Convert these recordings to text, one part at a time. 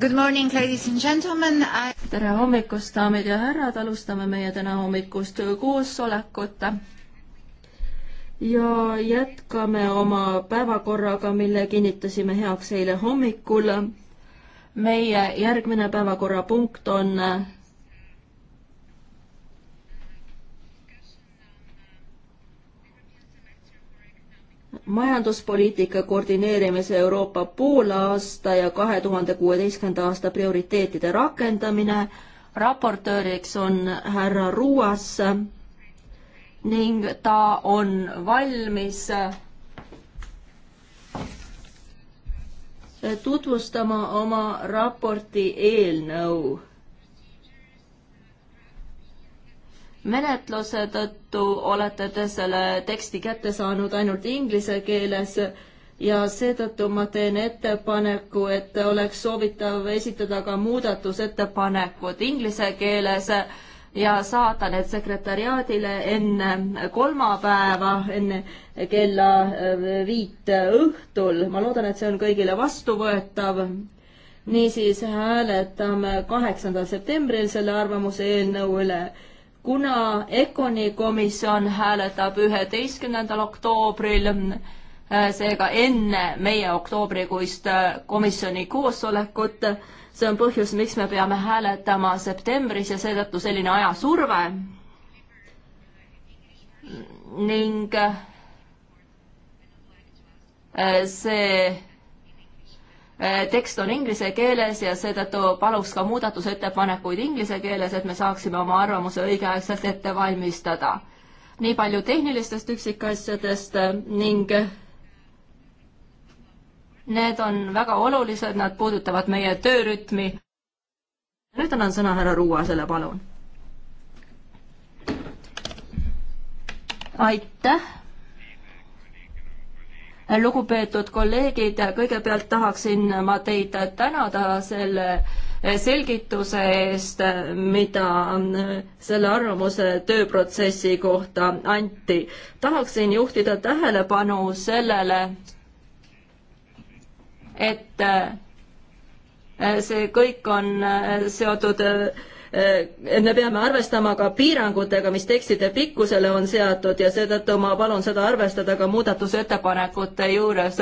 Good morning, ladies and gentlemen I.... tere hommikust, daamid ja härrad, alustame meie täna hommikust koosolekut. ja jätkame oma päevakorraga, mille kinnitasime heaks eile hommikul. meie järgmine päevakorrapunkt on majanduspoliitika koordineerimise Euroopa poolaasta ja kahe tuhande kuueteistkümnenda aasta prioriteetide rakendamine. raportööriks on härra Ruuas ning ta on valmis tutvustama oma raporti eelnõu menetluse tõttu olete te selle teksti kätte saanud ainult inglise keeles ja seetõttu ma teen ettepaneku, et oleks soovitav esitada ka muudatusettepanekud inglise keeles ja saata need sekretäriaadile enne kolmapäeva, enne kella äh, viit õhtul. ma loodan, et see on kõigile vastuvõetav niisiis hääletame kaheksandal septembril selle arvamuse eelnõu üle kuna ECONi komisjon hääletab üheteistkümnendal oktoobril, äh, seega enne meie oktoobrikuist äh, komisjoni koosolekut, see on põhjus, miks me peame hääletama septembris ja seetõttu selline ajasurve. ning äh, see Äh, tekst on inglise keeles ja seetõttu paluks ka muudatusettepanekuid inglise keeles, et me saaksime oma arvamuse õigeaegselt ette valmistada. nii palju tehnilistest üksikasjadest äh, ning need on väga olulised, nad puudutavad meie töörütmi. nüüd annan sõna härra Ruuasele, palun aitäh! lugupeetud kolleegid, kõigepealt tahaksin ma teid tänada selle selgituse eest, mida selle arvamuse tööprotsessi kohta anti. tahaksin juhtida tähelepanu sellele, et see kõik on seotud Äh, et me peame arvestama ka piirangutega, mis tekstide pikkusele on seatud ja seetõttu ma palun seda arvestada ka muudatusettepanekute juures.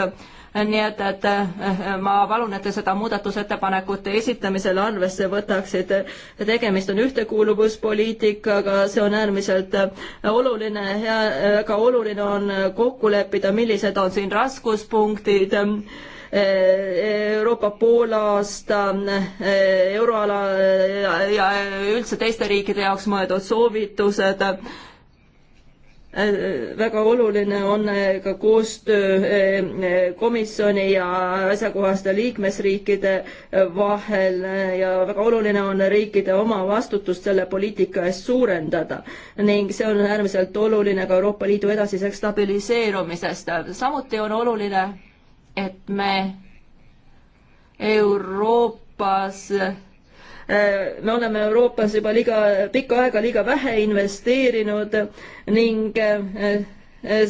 nii et, et äh, ma palun, et te seda muudatusettepanekute esitamisel arvesse võtaksite. tegemist on ühtekuuluvuspoliitikaga, see on äärmiselt oluline, väga oluline on kokku leppida, millised on siin raskuspunktid Euroopa poolaasta, eh, euroala eh, ja üldse teiste riikide jaoks mõeldud soovitused eh, väga oluline on ka koostöö komisjoni ja asjakohaste liikmesriikide vahel ja väga oluline on riikide oma vastutust selle poliitika eest suurendada. ning see on äärmiselt oluline ka Euroopa Liidu edasiseks stabiliseerumisest. samuti on oluline et me Euroopas eh, me oleme Euroopas juba liiga pikka aega liiga vähe investeerinud ning eh,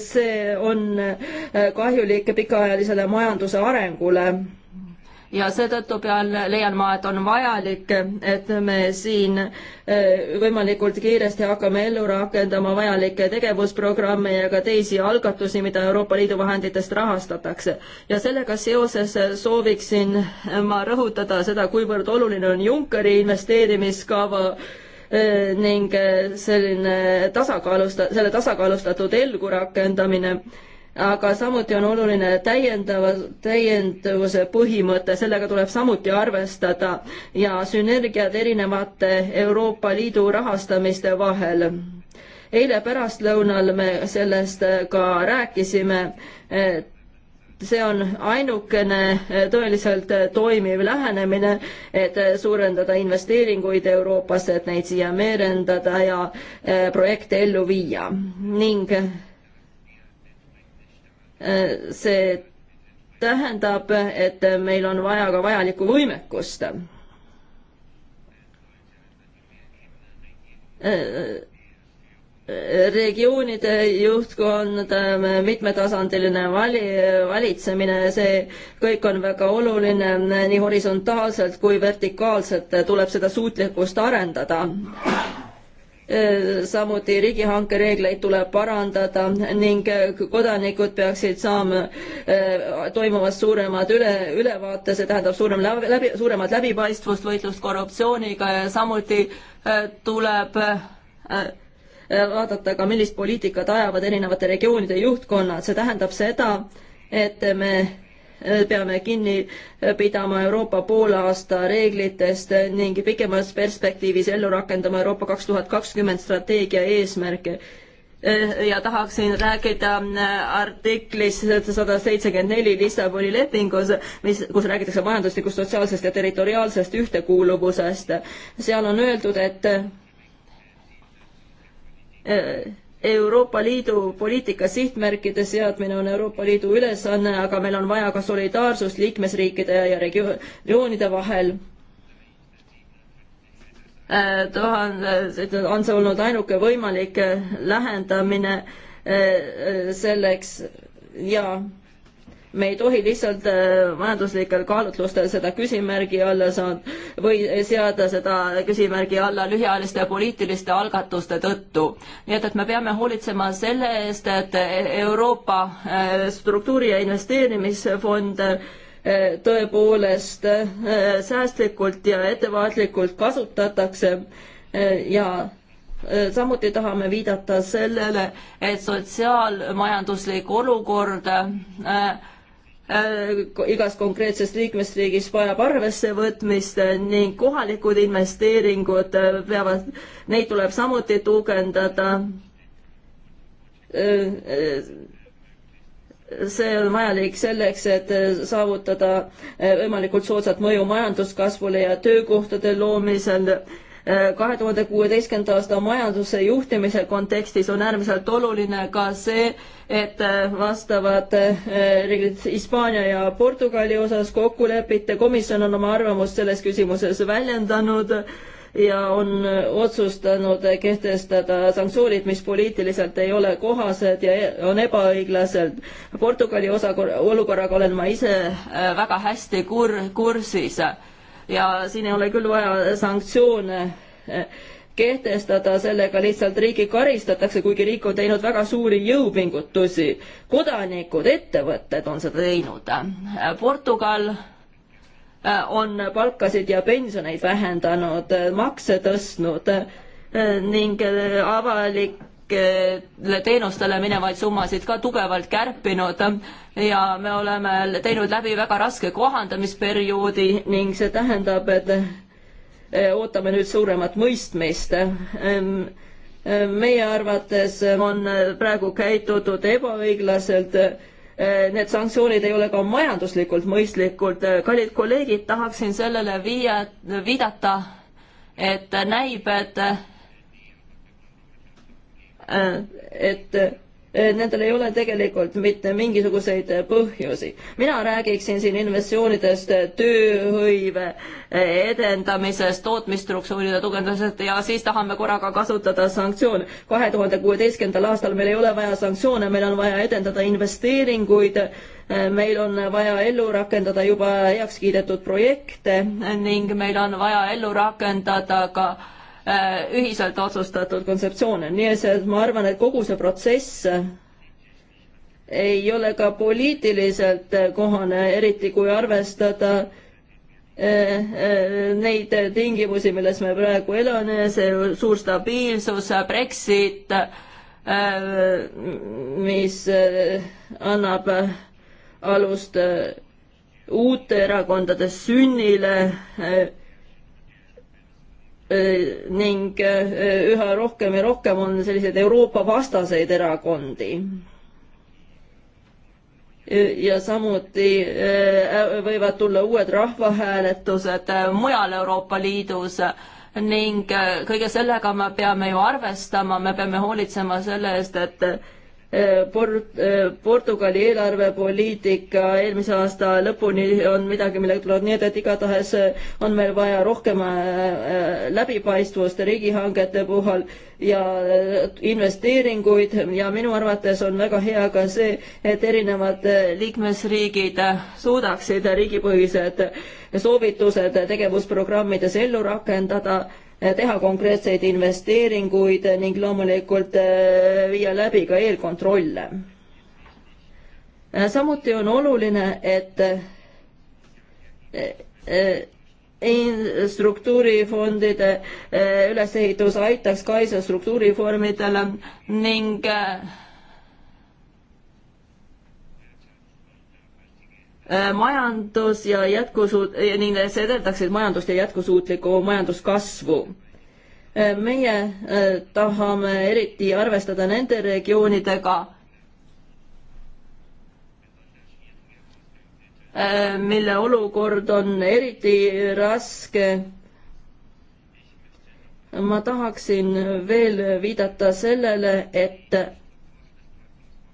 see on eh, kahjulik pikaajalisele majanduse arengule ja seetõttu pean, leian ma, et on vajalik, et me siin eh, võimalikult kiiresti hakkame ellu rakendama vajalikke tegevusprogramme ja ka teisi algatusi, mida Euroopa Liidu vahenditest rahastatakse. ja sellega seoses sooviksin ma rõhutada seda, kuivõrd oluline on Junckeri investeerimiskava eh, ning eh, selline tasakaalusta-, selle tasakaalustatud elgu rakendamine aga samuti on oluline täiendava, täiendavuse põhimõte, sellega tuleb samuti arvestada ja sünergiad erinevate Euroopa Liidu rahastamiste vahel. eile pärastlõunal me sellest ka rääkisime, see on ainukene tõeliselt toimiv lähenemine, et suurendada investeeringuid Euroopasse, et neid siia meerendada ja eh, projekte ellu viia ning Äh, see tähendab, et meil on vaja ka vajalikku võimekust. Äh, äh, regioonide juhtkond, mitmetasandiline vali, valitsemine, see kõik on väga oluline, nii horisontaalselt kui vertikaalselt tuleb seda suutlikkust arendada Äh, samuti riigihanke reegleid tuleb parandada ning äh, kodanikud peaksid saama äh, toimuvast suuremad üle, ülevaate, see tähendab suurem läbi, suuremat läbipaistvust, võitlust korruptsiooniga ja samuti tuleb vaadata ka, millist poliitikat ajavad erinevate regioonide juhtkonnad, see tähendab seda, et me peame kinni pidama Euroopa poolaasta reeglitest ning pikemas perspektiivis ellu rakendama Euroopa kaks tuhat kakskümmend strateegia eesmärke ja tahaksin rääkida artiklis sada seitsekümmend neli Lissaboni lepingus, mis, kus räägitakse majanduslikust, sotsiaalsest ja territoriaalsest ühtekuuluvusest. seal on öeldud, et Euroopa Liidu poliitika sihtmärkide seadmine on Euroopa Liidu ülesanne, aga meil on vaja ka solidaarsust liikmesriikide ja regioonide vahel. Äh, tuhande, on see olnud ainuke võimalik äh, lähendamine äh, selleks ja me ei tohi lihtsalt äh, majanduslikel kaalutlustel seda küsimärgi alla saada või seada seda küsimärgi alla lühiajaliste poliitiliste algatuste tõttu. nii et, et me peame hoolitsema selle eest, et Euroopa äh, struktuuri- ja investeerimisfond äh, tõepoolest säästlikult ja ettevaatlikult kasutatakse ja samuti tahame viidata sellele, et sotsiaalmajanduslik olukord Äh, igas konkreetses liikmesriigis vajab arvessevõtmist äh, ning kohalikud investeeringud äh, peavad, neid tuleb samuti tugevdada. see on vajalik selleks, et saavutada võimalikult soodsat mõju majanduskasvule ja töökohtade loomisel kahe tuhande kuueteistkümnenda aasta majanduse juhtimise kontekstis on äärmiselt oluline ka see, et äh, vastavad äh, reeglid Hispaania ja Portugali osas kokku lepiti, komisjon on oma arvamust selles küsimuses väljendanud ja on äh, otsustanud kehtestada sanktsioonid, mis poliitiliselt ei ole kohased ja e-, on ebaõiglased. Portugali osa, olukorraga olen ma ise väga hästi kur-, kursis ja siin ei ole küll vaja sanktsioone eh, kehtestada, sellega lihtsalt riiki karistatakse, kuigi riik on teinud väga suuri jõupingutusi. kodanikud, ettevõtted on seda teinud. Eh, Portugal eh, on palkasid ja pensioneid vähendanud, makse tõstnud ning avalik avalikele teenustele minevaid summasid ka tugevalt kärpinud ja me oleme teinud läbi väga raske kohandamisperioodi ning see tähendab, et eh, ootame nüüd suuremat mõistmist. Ehm, ehm, meie arvates on praegu käitutud ebaõiglaselt eh, need sanktsioonid ei ole ka majanduslikult mõistlikud. kallid kolleegid, tahaksin sellele viia, viidata, et näib, et et nendel ei ole tegelikult mitte mingisuguseid põhjusi. mina räägiksin siin investsioonidest tööhõive edendamisest, tootmisstruktuuride tugevdamisest ja siis tahame korraga kasutada sanktsioone. kahe tuhande kuueteistkümnendal aastal meil ei ole vaja sanktsioone, meil on vaja edendada investeeringuid, meil on vaja ellu rakendada juba heaks kiidetud projekte ning meil on vaja ellu rakendada ka äh, Äh, ühiselt otsustatud kontseptsioone, nii et see, ma arvan, et kogu see protsess ei ole ka poliitiliselt kohane, eriti kui arvestada äh, äh, neid tingimusi, milles me praegu elame, see suur stabiilsus, Brexit, mis annab alust uute erakondade sünnile Äh, ning äh, üha rohkem ja rohkem on selliseid Euroopa vastaseid erakondi. Äh, ja samuti võivad tulla uued rahvahääletused mujal Euroopa Liidus ning kõige sellega me peame ju arvestama, me peame hoolitsema selle eest, et Äh, Port-, äh, Portugali eelarvepoliitika eelmise aasta lõpuni on midagi, millega tuleb nii, et igatahes äh, on meil vaja rohkem läbipaistvust riigihangete puhul ja investeeringuid ja minu arvates on väga hea ka see, et erinevad liikmesriigid suudaksid riigipõhised soovitused tegevusprogrammides ellu rakendada Eh, teha konkreetseid investeeringuid ning loomulikult eh, viia läbi ka eelkontrolle. Eh, samuti on oluline, et struktuurifondide ülesehitus aitaks kaitse struktuurifondidele ning Äh, majandus ja jätkusuut-, ning see edendaksid majandust ja jätkusuutlikku majanduskasvu. Äh, meie äh, tahame eriti arvestada nende regioonidega, mille olukord on eriti raske. ma tahaksin veel viidata sellele, et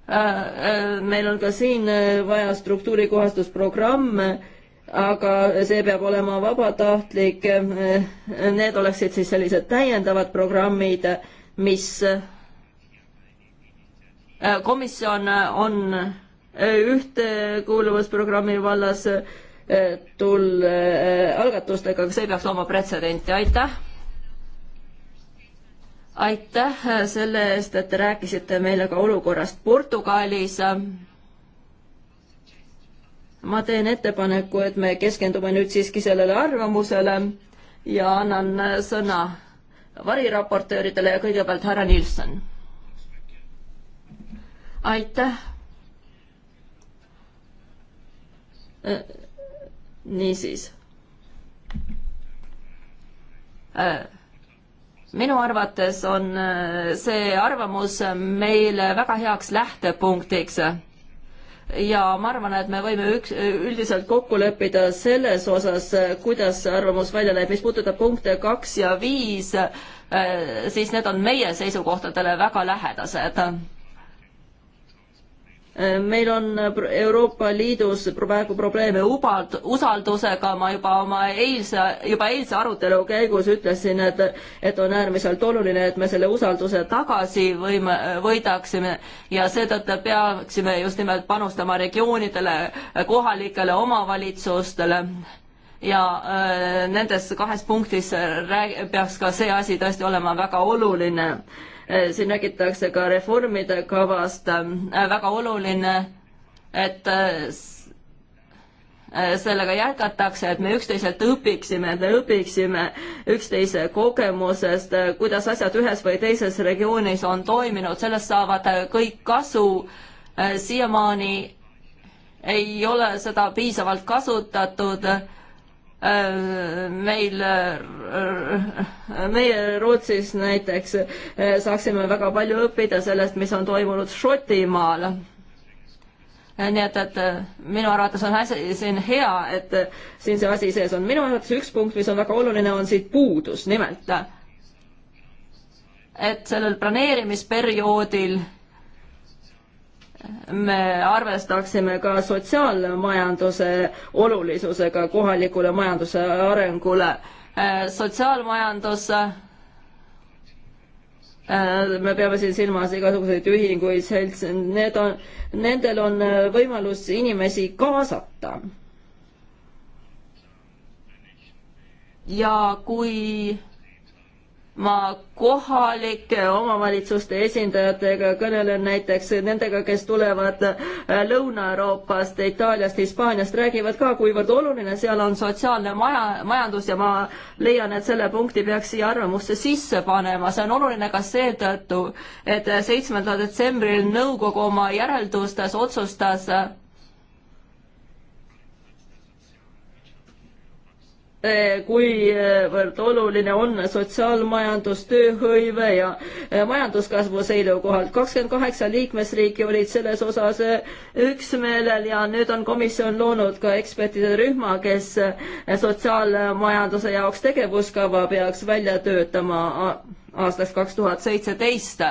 Äh, äh, meil on ka siin äh, vaja struktuurikohastusprogramme, aga see peab olema vabatahtlik. Need oleksid siis sellised täiendavad programmid, mis komisjon on ühtekuuluvusprogrammi vallas tul- äh,, algatustega, aga see peaks looma pretsedenti, aitäh! aitäh selle eest, et te rääkisite meile ka olukorrast Portugalis. ma teen ettepaneku, et me keskendume nüüd siiski sellele arvamusele ja annan sõna variraportööridele ja kõigepealt härra Nilsson. aitäh. niisiis äh minu arvates on äh, see arvamus meil väga heaks lähtepunktiks. ja ma arvan, et me võime üks, äh, üldiselt kokku leppida selles osas, äh, kuidas see arvamus välja näeb, mis puudutab punkte kaks ja viis, siis need on meie seisukohtadele väga lähedased meil on Euroopa Liidus praegu probleeme ubald, usaldusega, ma juba oma eilse, juba eilse arutelu käigus ütlesin, et et on äärmiselt oluline, et me selle usalduse tagasi võime, võidaksime ja seetõttu peaksime just nimelt panustama regioonidele, kohalikele omavalitsustele ja äh, nendes kahes punktis rääg-, peaks ka see asi tõesti olema väga oluline äh, Eh, siin räägitakse ka reformide kavast, eh, väga oluline, et eh, sellega jätkatakse, et me üksteiselt õpiksime, et me õpiksime üksteise kogemusest, kuidas asjad ühes või teises regioonis on toiminud, sellest saavad kõik kasu. siiamaani ei ole seda piisavalt kasutatud Äh, meil, äh, meie Rootsis näiteks äh, saaksime väga palju õppida sellest, mis on toimunud Šotimaal nii et, et minu arvates on asi siin hea, et siin see asi sees on. minu arvates üks punkt, mis on väga oluline, on siit puudus, nimelt et sellel planeerimisperioodil me arvestaksime ka sotsiaalmajanduse olulisusega kohalikule majanduse arengule. Äh, sotsiaalmajandus, äh, me peame siin silmas igasuguseid ühinguid, seltse, need on, nendel on äh, võimalus inimesi kaasata. ja kui ma kohalike omavalitsuste esindajatega kõnelen näiteks nendega, kes tulevad äh, Lõuna-Euroopast, Itaaliast, Hispaaniast, räägivad ka, kuivõrd oluline seal on sotsiaalne maja, majandus ja ma leian, et selle punkti peaks siia arvamusse sisse panema. see on oluline ka seetõttu, et seitsmendal detsembril nõukogu oma järeldustes otsustas Eh, kuivõrd eh, oluline on sotsiaalmajandus, tööhõive ja eh, majanduskasvu seisukohalt. kakskümmend kaheksa liikmesriiki olid selles osas üksmeelel ja nüüd on komisjon loonud ka ekspertide rühma, kes sotsiaalmajanduse jaoks tegevuskava peaks välja töötama aastaks kaks tuhat seitseteist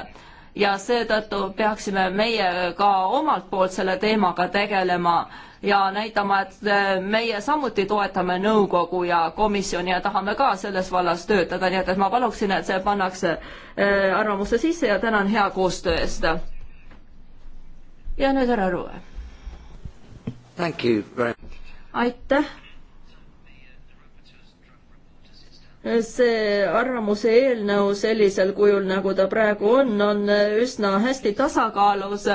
ja seetõttu peaksime meie ka omalt poolt selle teemaga tegelema ja näitama, et äh, meie samuti toetame nõukogu ja komisjoni ja tahame ka selles vallas töötada, nii et, et ma paluksin, et see pannakse äh, arvamusse sisse ja tänan hea koostöö eest. ja nüüd härra Ruve. aitäh see arvamuse eelnõu sellisel kujul, nagu ta praegu on, on üsna hästi tasakaalus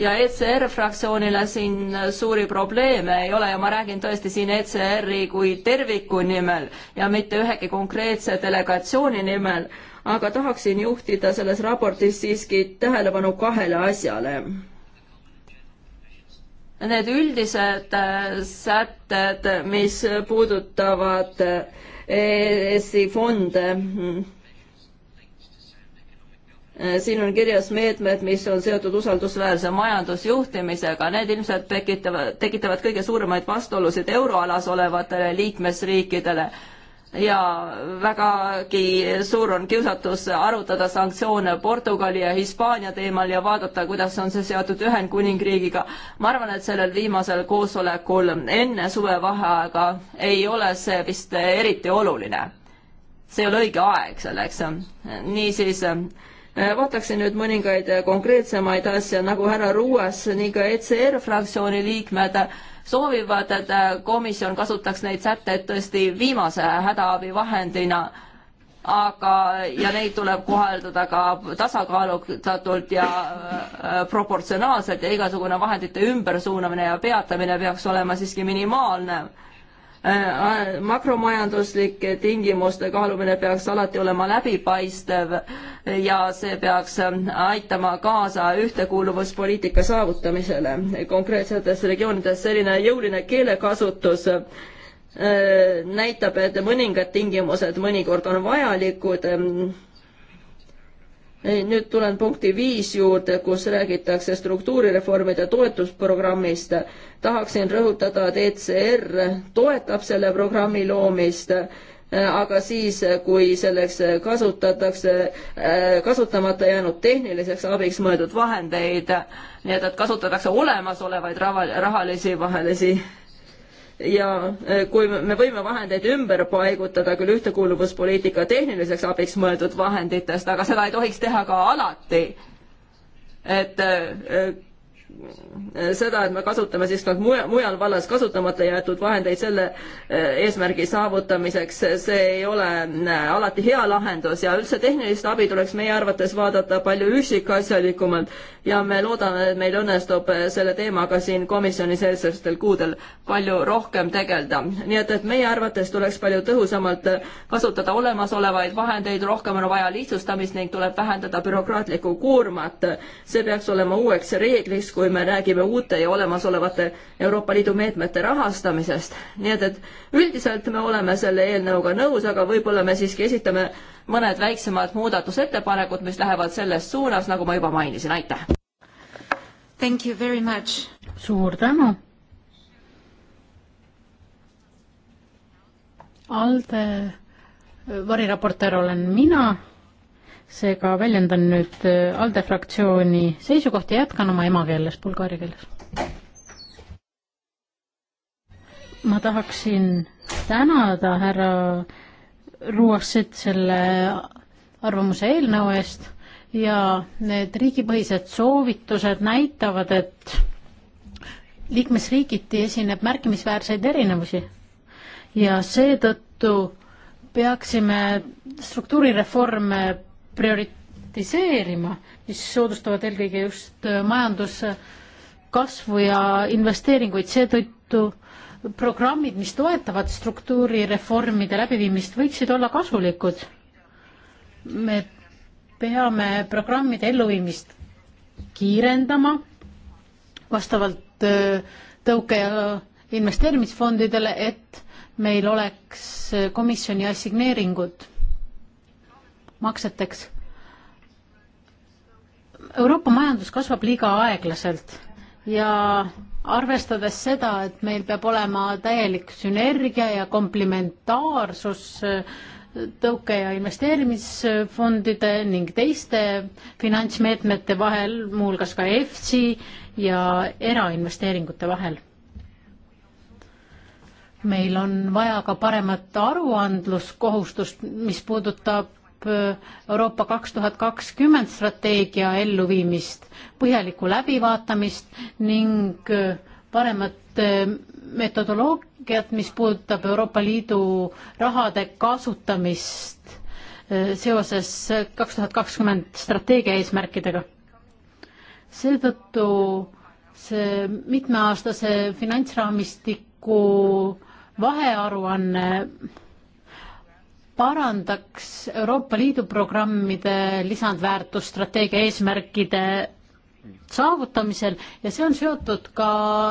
ja ECR fraktsioonile siin suuri probleeme ei ole ja ma räägin tõesti siin ECR-i kui terviku nimel ja mitte ühegi konkreetse delegatsiooni nimel, aga tahaksin juhtida selles raportis siiski tähelepanu kahele asjale. Need üldised äh, sätted, mis puudutavad äh, EAS-i fond siin on kirjas meetmed, mis on seotud usaldusväärse majandusjuhtimisega, need ilmselt tekitavad, tekitavad kõige suuremaid vastuolusid euroalas olevatele liikmesriikidele ja vägagi suur on kiusatus arutada sanktsioone Portugali ja Hispaania teemal ja vaadata, kuidas on see seotud Ühendkuningriigiga. ma arvan, et sellel viimasel koosolekul enne suvevaheaega ei ole see vist eriti oluline. see ei ole õige aeg selleks. niisiis vaataksin nüüd mõningaid konkreetsemaid asju, nagu härra Ruuas, nii ka ECR fraktsiooni liikmed soovivad, et äh, komisjon kasutaks neid sätteid tõesti viimase hädaabivahendina, aga, ja neid tuleb kohaldada ka tasakaalutatult ja äh, proportsionaalselt ja igasugune vahendite ümbersuunamine ja peatamine peaks olema siiski minimaalne Äh, makromajanduslike tingimuste kaalumine peaks alati olema läbipaistev ja see peaks äh, aitama kaasa ühtekuuluvuspoliitika saavutamisele. konkreetsetes regioonides selline jõuline keelekasutus äh, näitab, et mõningad tingimused mõnikord on vajalikud ähm, nüüd tulen punkti viis juurde, kus räägitakse struktuurireformide toetusprogrammist. tahaksin rõhutada, et ECR toetab selle programmi loomist, aga siis, kui selleks kasutatakse kasutamata jäänud tehniliseks abiks mõeldud vahendeid, nii et, et kasutatakse olemasolevaid rahalisi vahelisi ja eh, kui me võime vahendeid ümber paigutada küll ühtekuuluvuspoliitika tehniliseks abiks mõeldud vahenditest, aga seda ei tohiks teha ka alati. et eh, Äh, seda, et me kasutame siis ka mujal, mujal vallas kasutamata jäetud vahendeid selle äh, eesmärgi saavutamiseks, see ei ole äh, alati hea lahendus ja üldse tehnilist abi tuleks meie arvates vaadata palju üksikasjalikumalt ja me loodame, et meil õnnestub selle teemaga siin komisjonis eelsestel kuudel palju rohkem tegeleda. nii et, et meie arvates tuleks palju tõhusamalt kasutada olemasolevaid vahendeid, rohkem on vaja lihtsustamist ning tuleb vähendada bürokraatlikku koormat. see peaks olema uueks reegliks, kui kui me räägime uute ja olemasolevate Euroopa Liidu meetmete rahastamisest. nii et, et üldiselt me oleme selle eelnõuga nõus, aga võib-olla me siiski esitame mõned väiksemad muudatusettepanekud, mis lähevad selles suunas, nagu ma juba mainisin, aitäh! Thank you very much! suur tänu! ALDE variraportöör olen mina seega väljendan nüüd äh, ALDE fraktsiooni seisukohti ja jätkan oma emakeeles, bulgaari keeles. ma tahaksin tänada härra Ruasit selle arvamuse eelnõu eest ja need riigipõhised soovitused näitavad, et liikmesriigiti esineb märkimisväärseid erinevusi ja seetõttu peaksime struktuurireforme prioritiseerima, mis soodustavad eelkõige just äh, majanduskasvu ja investeeringuid, seetõttu programmid, mis toetavad struktuurireformide läbiviimist, võiksid olla kasulikud. me peame programmide elluviimist kiirendama vastavalt äh, tõuke- ja investeerimisfondidele, et meil oleks äh, komisjoni assigneeringud makseteks. Euroopa majandus kasvab liiga aeglaselt ja arvestades seda, et meil peab olema täielik sünergia ja komplementaarsus eh, tõuke- ja investeerimisfondide ning teiste finantsmeetmete vahel, muuhulgas ka EFSI ja erainvesteeringute vahel. meil on vaja ka paremat aruandluskohustust, mis puudutab Äh, Euroopa kaks tuhat kakskümmend strateegia elluviimist, põhjalikku läbivaatamist ning äh, paremat äh, metodoloogiat, mis puudutab Euroopa Liidu rahade kasutamist seoses kaks tuhat kakskümmend strateegia eesmärkidega. seetõttu see mitmeaastase finantsraamistiku vahearuanne parandaks Euroopa Liidu programmide lisandväärtust strateegia eesmärkide saavutamisel ja see on seotud ka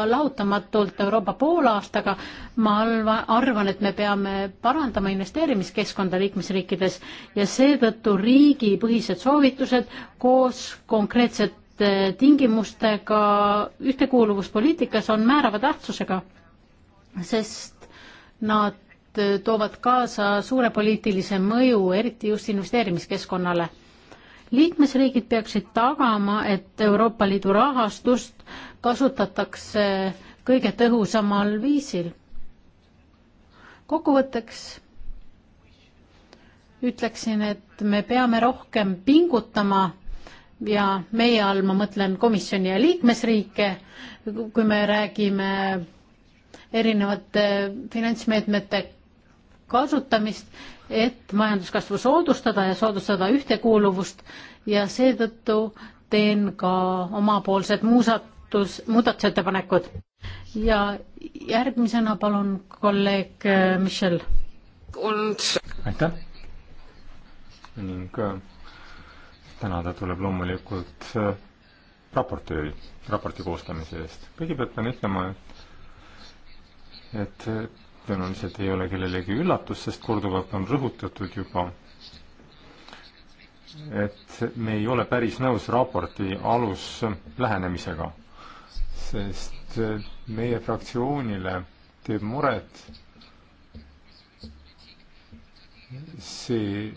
lahutamatult Euroopa poolaastaga. ma arvan, et me peame parandama investeerimiskeskkonda liikmesriikides ja seetõttu riigipõhised soovitused koos konkreetsete tingimustega ühtekuuluvuspoliitikas on määrava tähtsusega, sest nad Eh, toovad kaasa suure poliitilise mõju, eriti just investeerimiskeskkonnale. liikmesriigid peaksid tagama, et Euroopa Liidu rahastust kasutatakse kõige tõhusamal viisil. kokkuvõtteks ütleksin, et me peame rohkem pingutama ja meie all ma mõtlen komisjoni ja liikmesriike, kui me räägime erinevate finantsmeetmete kasutamist, et majanduskasvu soodustada ja soodustada ühtekuuluvust ja seetõttu teen ka omapoolsed muusatus, muudatusettepanekud. ja järgmisena palun kolleeg äh, Michel. aitäh ning äh, tänada tuleb loomulikult äh, raportööri, raporti koostamise eest. kõigepealt pean ütlema, et, et tõenäoliselt ei ole kellelegi üllatus, sest korduvalt on rõhutatud juba, et me ei ole päris nõus raporti aluslähenemisega, sest meie fraktsioonile teeb muret see,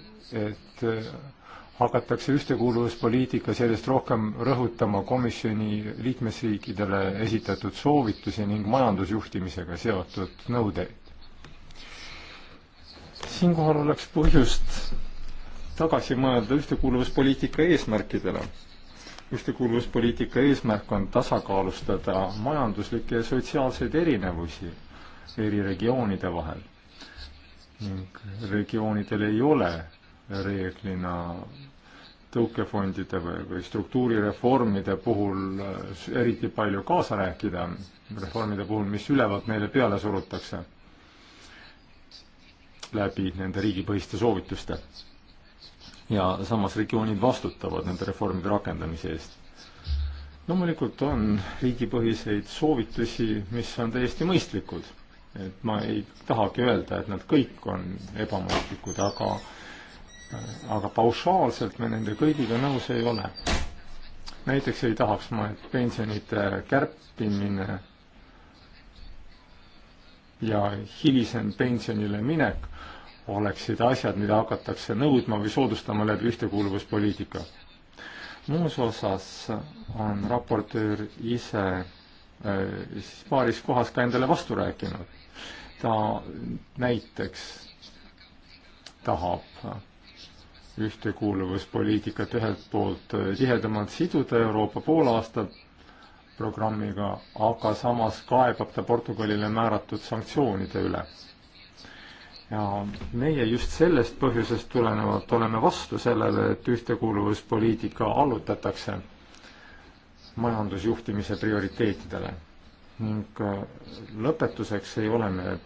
et hakatakse ühtekuuluvuspoliitika sellest rohkem rõhutama komisjoni liikmesriikidele esitatud soovitusi ning majandusjuhtimisega seotud nõudeid. siinkohal oleks põhjust tagasi mõelda ühtekuuluvuspoliitika eesmärkidele. ühtekuuluvuspoliitika eesmärk on tasakaalustada majanduslikke ja sotsiaalseid erinevusi eri regioonide vahel ning regioonidel ei ole reeglina tõukefondide või, või struktuurireformide puhul äh, eriti palju kaasa rääkida, reformide puhul, mis ülevalt meile peale surutakse läbi nende riigipõhiste soovituste. ja samas regioonid vastutavad nende reformide rakendamise eest. loomulikult on riigipõhiseid soovitusi, mis on täiesti mõistlikud, et ma ei tahagi öelda, et nad kõik on ebamõistlikud, aga aga paušaalselt me nende kõigiga nõus ei ole. näiteks ei tahaks ma, et pensionite kärpimine ja hilisem pensionile minek oleksid asjad, mida hakatakse nõudma või soodustama läbi ühtekuuluvuspoliitika. muus osas on raportöör ise äh, siis paaris kohas ka endale vastu rääkinud. ta näiteks tahab ühtekuuluvuspoliitikat ühelt poolt äh, tihedamalt siduda Euroopa poolaasta programmiga, aga samas kaebab ta Portugalile määratud sanktsioonide üle. ja meie just sellest põhjusest tulenevalt oleme vastu sellele, et ühtekuuluvuspoliitika allutatakse majandusjuhtimise prioriteetidele. ning äh, lõpetuseks ei ole me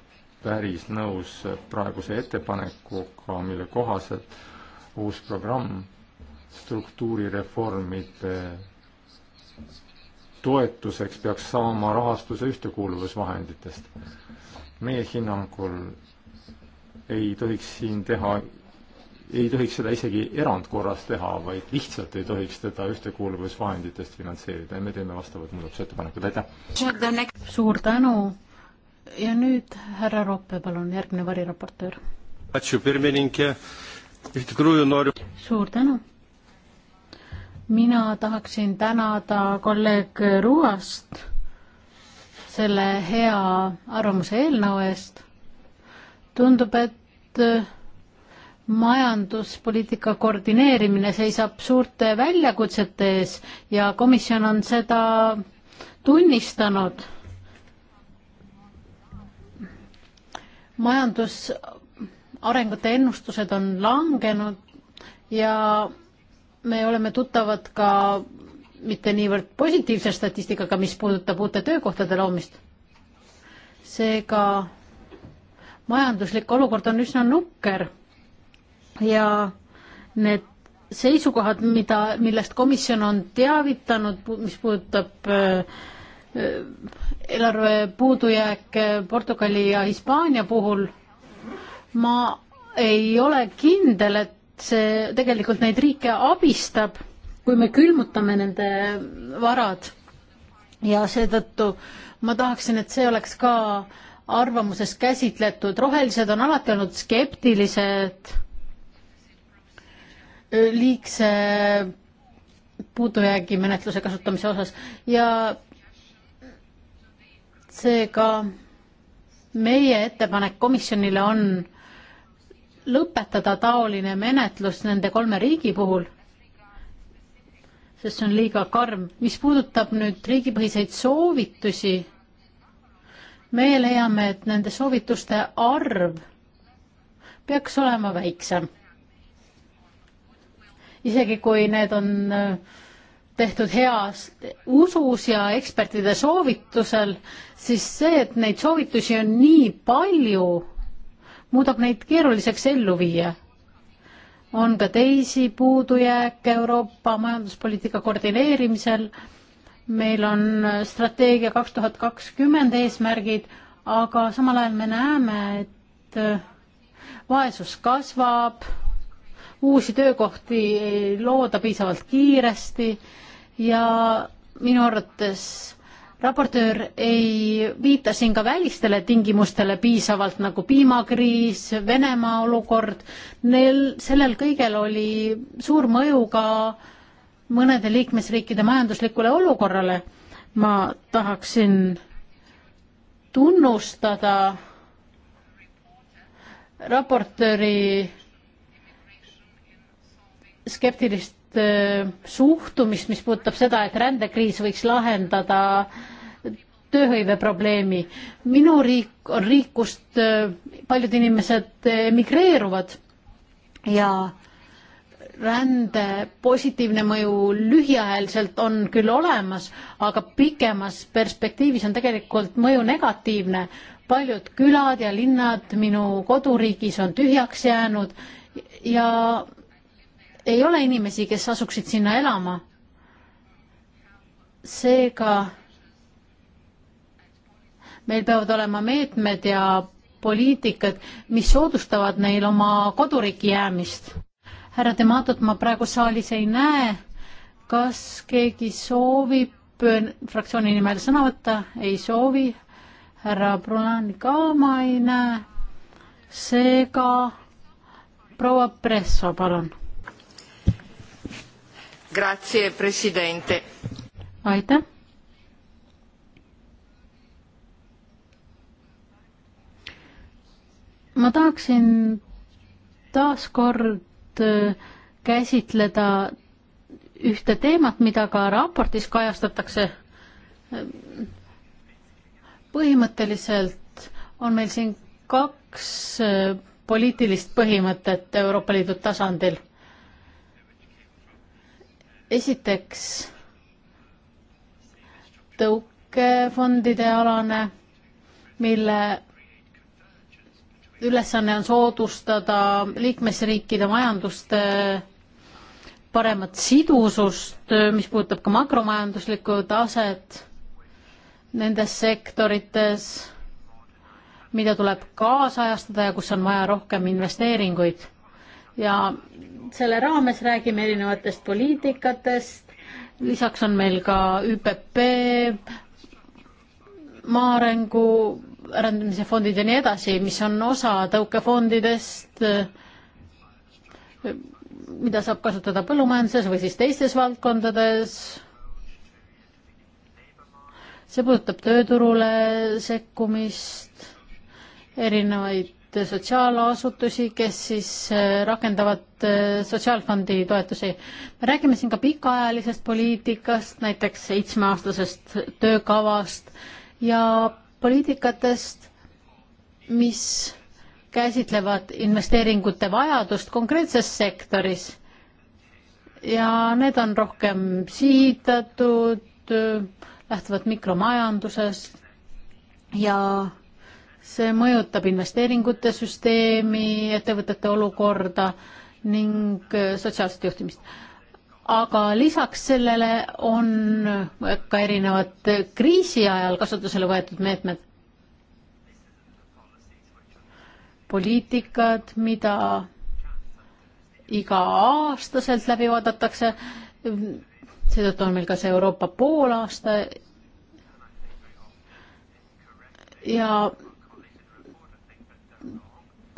päris nõus praeguse ettepanekuga, mille kohaselt uus programm struktuurireformide toetuseks peaks saama rahastuse ühtekuuluvusvahenditest. meie hinnangul ei tohiks siin teha, ei tohiks seda isegi erandkorras teha, vaid lihtsalt ei tohiks teda ühtekuuluvusvahenditest finantseerida ja me teeme vastavad muudatusettepanekud, aitäh! suur tänu ja nüüd härra Roppe, palun, järgmine variraportöör suur tänu! mina tahaksin tänada kolleeg Ruuast selle hea arvamuse eelnõu eest. tundub, et äh, majanduspoliitika koordineerimine seisab suurte väljakutsete ees ja komisjon on seda tunnistanud. majandus arengute ennustused on langenud ja me oleme tuttavad ka mitte niivõrd positiivse statistikaga, mis puudutab uute töökohtade loomist. seega majanduslik olukord on üsna nukker ja need seisukohad, mida, millest komisjon on teavitanud, mis puudutab äh, äh, eelarve puudujääk Portugali ja Hispaania puhul ma ei ole kindel, et see tegelikult neid riike abistab, kui me külmutame nende varad. ja seetõttu ma tahaksin, et see oleks ka arvamuses käsitletud, rohelised on alati olnud skeptilised liigse puudujäägi menetluse kasutamise osas ja seega meie ettepanek komisjonile on äh, lõpetada taoline menetlus nende kolme riigi puhul, sest see on liiga karm. mis puudutab nüüd riigipõhiseid soovitusi, meie leiame, et nende soovituste arv peaks olema väiksem. isegi kui need on äh, tehtud heas usus ja ekspertide soovitusel, siis see, et neid soovitusi on nii palju, muudab neid keeruliseks ellu viia. on ka teisi puudujääke Euroopa majanduspoliitika koordineerimisel, meil on strateegia kaks tuhat kakskümmend eesmärgid, aga samal ajal me näeme, et äh, vaesus kasvab, uusi töökohti ei looda piisavalt kiiresti ja minu arvates raportöör ei viita siin ka välistele tingimustele piisavalt, nagu piimakriis, Venemaa olukord, neil, sellel kõigel oli suur mõju ka mõnede liikmesriikide majanduslikule olukorrale. ma tahaksin tunnustada raportööri skeptilist Äh, suhtumist, mis puudutab seda, et rändekriis võiks lahendada tööhõive probleemi. minu riik on riik, kust äh, paljud inimesed emigreeruvad ja rände positiivne mõju lühiajaliselt on küll olemas, aga pikemas perspektiivis on tegelikult mõju negatiivne. paljud külad ja linnad minu koduriigis on tühjaks jäänud ja ei ole inimesi, kes asuksid sinna elama. seega meil peavad olema meetmed ja poliitikad, mis soodustavad neil oma koduriiki jäämist. härra Dematot ma praegu saalis ei näe. kas keegi soovib fraktsiooni nimel sõna võtta? ei soovi. härra Brunani ka ma ei näe. seega proua Presso, palun Grazie, president. aitäh. ma tahaksin taaskord äh, käsitleda ühte teemat, mida ka raportis kajastatakse. põhimõtteliselt on meil siin kaks äh, poliitilist põhimõtet Euroopa Liidu tasandil esiteks tõukefondide alane, mille ülesanne on soodustada liikmesriikide majanduste paremat sidusust, mis puudutab ka makromajanduslikku taset nendes sektorites, mida tuleb kaasajastada ja kus on vaja rohkem investeeringuid ja selle raames räägime erinevatest poliitikatest, lisaks on meil ka ÜPP, maaarengu arendamise fondid ja nii edasi, mis on osa tõukefondidest, mida saab kasutada põllumajanduses või siis teistes valdkondades. see puudutab tööturule sekkumist, erinevaid neid sotsiaalasutusi, kes siis äh, rakendavad äh, sotsiaalfondi toetusi. me räägime siin ka pikaajalisest poliitikast, näiteks seitsmeaastasest töökavast ja poliitikatest, mis käsitlevad investeeringute vajadust konkreetses sektoris. ja need on rohkem sihitatud, äh, lähtuvad mikromajandusest ja see mõjutab investeeringute süsteemi, ettevõtete olukorda ning äh, sotsiaalset juhtimist. aga lisaks sellele on ka erinevad kriisi ajal kasutusele võetud meetmed. poliitikad, mida iga-aastaselt läbi vaadatakse, seetõttu on meil ka see Euroopa poolaasta ja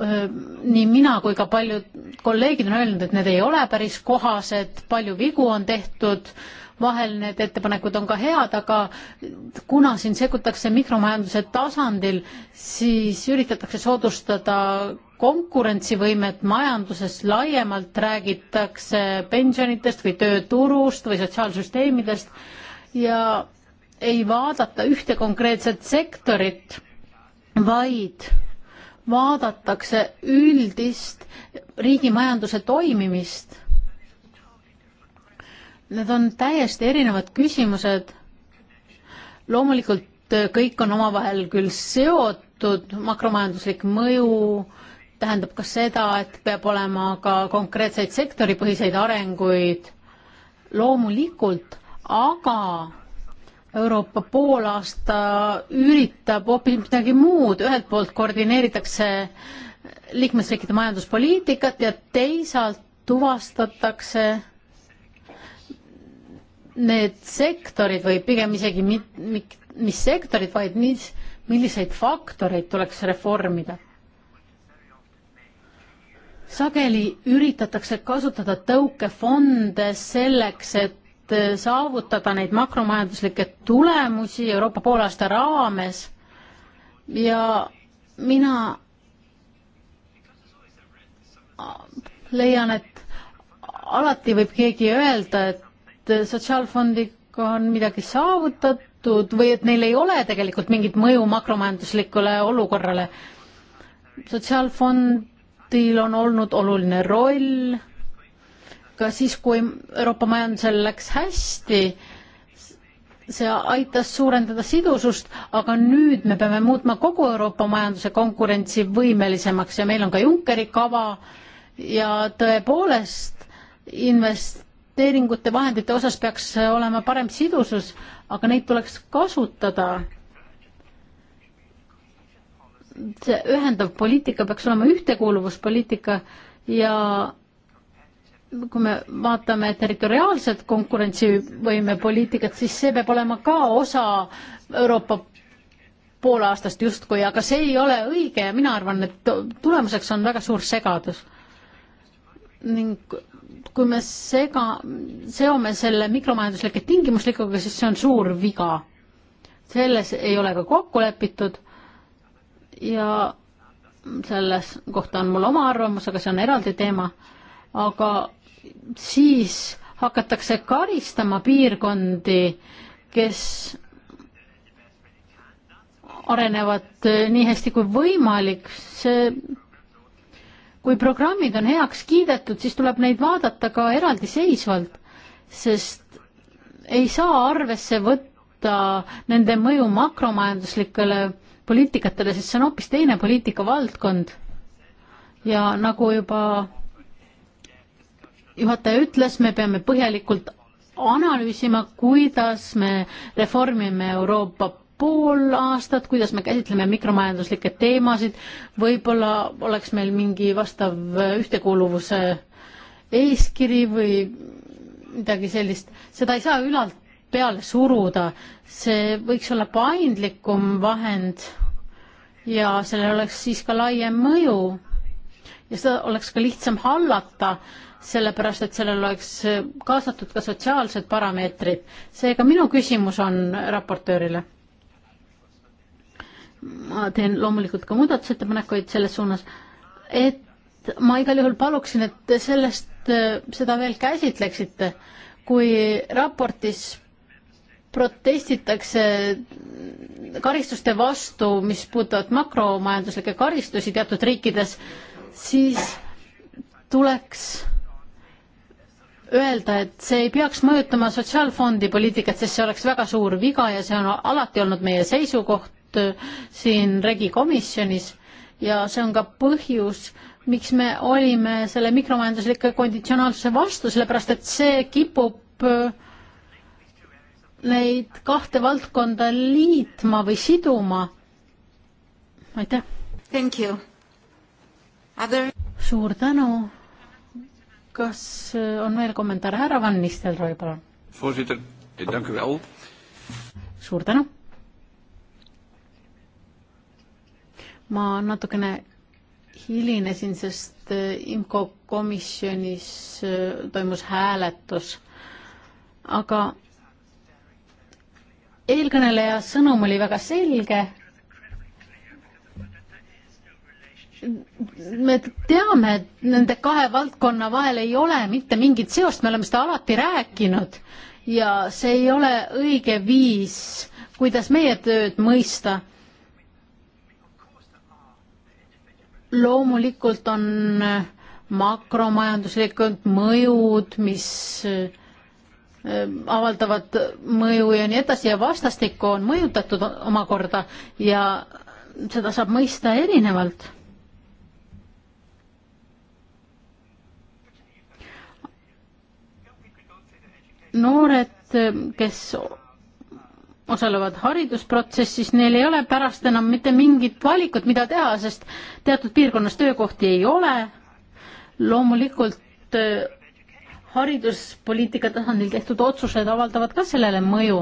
nii mina kui ka paljud kolleegid on öelnud, et need ei ole päris kohased, palju vigu on tehtud, vahel need ettepanekud on ka head, aga kuna siin sekkutakse mikromajanduse tasandil, siis üritatakse soodustada konkurentsivõimet majanduses laiemalt, räägitakse pensionitest või tööturust või sotsiaalsüsteemidest ja ei vaadata ühte konkreetset sektorit, vaid vaadatakse üldist riigi majanduse toimimist. Need on täiesti erinevad küsimused. loomulikult eh, kõik on omavahel küll seotud, makromajanduslik mõju tähendab ka seda, et peab olema ka konkreetseid sektoripõhiseid arenguid, loomulikult, aga Euroopa poolaasta üritab hoopis midagi muud, ühelt poolt koordineeritakse liikmesriikide majanduspoliitikat ja teisalt tuvastatakse need sektorid või pigem isegi mit, mit, mis sektorid, vaid mis, milliseid faktoreid tuleks reformida. sageli üritatakse kasutada tõukefonde selleks, et et äh, saavutada neid makromajanduslikke tulemusi Euroopa poolaasta raames ja mina leian, et alati võib keegi öelda, et äh, sotsiaalfondiga on midagi saavutatud või et neil ei ole tegelikult mingit mõju makromajanduslikule olukorrale. sotsiaalfondil on olnud oluline roll ka siis, kui Euroopa majandusel läks hästi, see aitas suurendada sidusust, aga nüüd me peame muutma kogu Euroopa majanduse konkurentsivõimelisemaks ja meil on ka Junckeri kava ja tõepoolest investeeringute vahendite osas peaks olema parem sidusus, aga neid tuleks kasutada. see ühendav poliitika peaks olema ühtekuuluvuspoliitika ja kui me vaatame territoriaalset konkurentsivõimepoliitikat, siis see peab olema ka osa Euroopa poolaastast justkui, aga see ei ole õige ja mina arvan, et tulemuseks on väga suur segadus. ning kui me sega, seome selle mikromajanduslike tingimuslikkuga, siis see on suur viga. selles ei ole ka kokku lepitud ja selles kohta on mul oma arvamus, aga see on eraldi teema, aga siis hakatakse karistama piirkondi, kes arenevad eh, nii hästi kui võimalik, see kui programmid on heaks kiidetud, siis tuleb neid vaadata ka eraldiseisvalt, sest ei saa arvesse võtta nende mõju makromajanduslikele poliitikatele, sest see on hoopis teine poliitikavaldkond. ja nagu juba juhataja ütles, me peame põhjalikult analüüsima, kuidas me reformime Euroopa pool aastat, kuidas me käsitleme mikromajanduslikke teemasid, võib-olla oleks meil mingi vastav ühtekuuluvuse eeskiri või midagi sellist, seda ei saa ülalt peale suruda, see võiks olla paindlikum vahend ja sellel oleks siis ka laiem mõju ja seda oleks ka lihtsam hallata sellepärast et sellel oleks kaasatud ka sotsiaalsed parameetrid. seega minu küsimus on raportöörile. ma teen loomulikult ka muudatusettepanekuid selles suunas, et ma igal juhul paluksin, et sellest, äh, seda veel käsitleksite, kui raportis protestitakse karistuste vastu, mis puudutavad makromajanduslikke karistusi teatud riikides, siis tuleks öelda, et see ei peaks mõjutama sotsiaalfondi poliitikat, sest see oleks väga suur viga ja see on alati olnud meie seisukoht äh, siin regi komisjonis ja see on ka põhjus, miks me olime selle mikromajanduslike konditsionaalsuse vastu, sellepärast et see kipub äh, neid kahte valdkonda liitma või siduma. aitäh! Other... suur tänu! kas äh, on veel kommentaare, härra Van Nistelrooy, palun? Voorzitter, eh, dank u wel. suur tänu. ma natukene hilinesin, sest äh, IMCO komisjonis äh, toimus hääletus, aga eelkõneleja sõnum oli väga selge me teame, et nende kahe valdkonna vahel ei ole mitte mingit seost, me oleme seda alati rääkinud ja see ei ole õige viis, kuidas meie tööd mõista. loomulikult on makromajanduslikud mõjud, mis äh, avaldavad mõju ja nii edasi ja vastastikku on mõjutatud omakorda ja seda saab mõista erinevalt noored, kes osalevad haridusprotsessis, neil ei ole pärast enam mitte mingit valikut, mida teha, sest teatud piirkonnas töökohti ei ole. loomulikult äh, hariduspoliitika tasandil tehtud otsused avaldavad ka sellele mõju.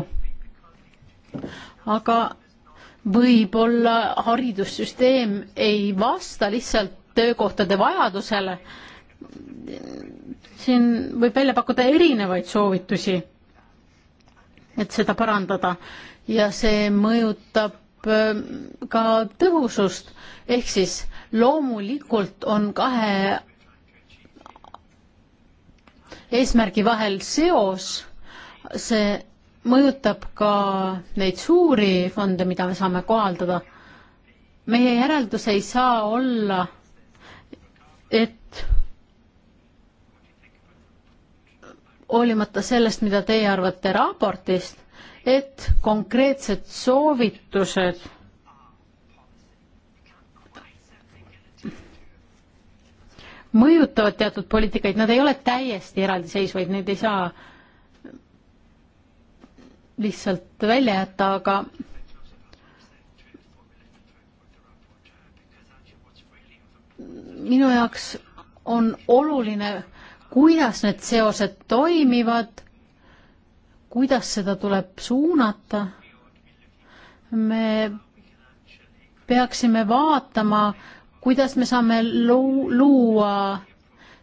aga võib-olla haridussüsteem ei vasta lihtsalt töökohtade vajadusele siin võib välja pakkuda erinevaid soovitusi, et seda parandada ja see mõjutab äh, ka tõhusust, ehk siis loomulikult on kahe eesmärgi vahel seos, see mõjutab ka neid suuri fonde, mida me saame kohaldada. meie järeldus ei saa olla, et hoolimata sellest, mida teie arvate raportist, et konkreetsed soovitused mõjutavad teatud poliitikaid, nad ei ole täiesti eraldiseisvaid, neid ei saa lihtsalt välja jätta, aga minu jaoks on oluline kuidas need seosed toimivad, kuidas seda tuleb suunata. me peaksime vaatama, kuidas me saame luua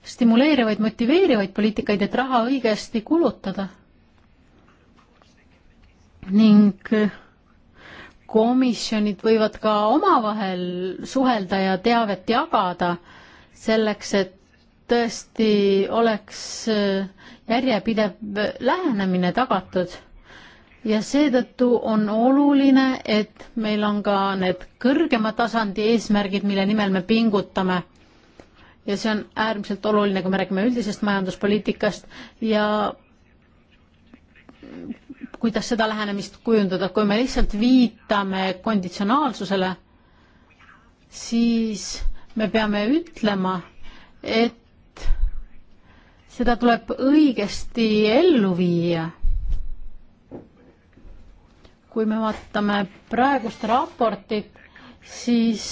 stimuleerivaid, motiveerivaid poliitikaid, et raha õigesti kulutada. ning komisjonid võivad ka omavahel suhelda ja teavet jagada selleks, et tõesti oleks äh, järjepidev äh, lähenemine tagatud ja seetõttu on oluline, et meil on ka need kõrgema tasandi eesmärgid, mille nimel me pingutame. ja see on äärmiselt oluline, kui me räägime üldisest majanduspoliitikast ja kuidas seda lähenemist kujundada, kui me lihtsalt viitame konditsionaalsusele, siis me peame ütlema, et seda tuleb õigesti ellu viia. kui me vaatame praegust raportit, siis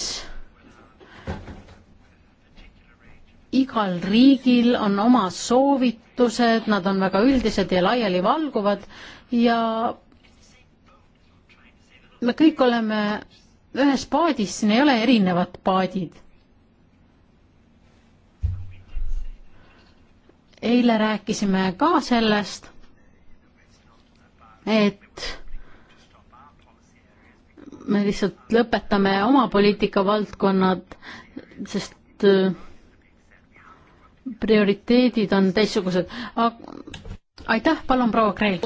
igal riigil on oma soovitused, nad on väga üldised ja laialivalguvad ja me kõik oleme ühes paadis, siin ei ole erinevad paadid eile rääkisime ka sellest, et me lihtsalt lõpetame oma poliitikavaldkonnad, sest äh, prioriteedid on teistsugused. aitäh, palun, proua Kreel.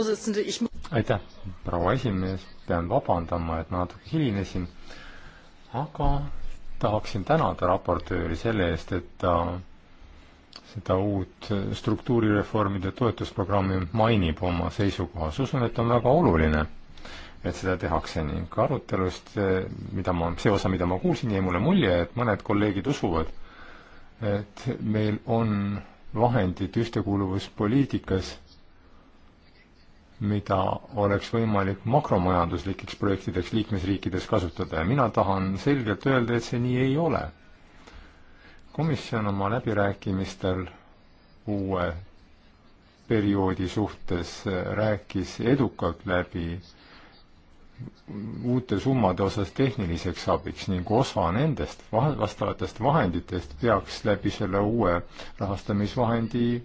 aitäh, proua esimees, pean vabandama, et natuke hilinesin, aga tahaksin tänada raportööri selle eest, et ta seda uut struktuurireformide toetusprogrammi mainib oma seisukohas. usun, et on väga oluline, et seda tehakse ning arutelust, eh, mida ma, see osa, mida ma kuulsin, jäi mulle mulje, et mõned kolleegid usuvad, et meil on vahendid ühtekuuluvuspoliitikas, mida oleks võimalik makromajanduslikeks projektideks liikmesriikides kasutada ja mina tahan selgelt öelda, et see nii ei ole komisjon oma läbirääkimistel uue perioodi suhtes äh, rääkis edukalt läbi uute summade osas tehniliseks abiks ning osa nendest vastavatest vahenditest peaks läbi selle uue rahastamisvahendi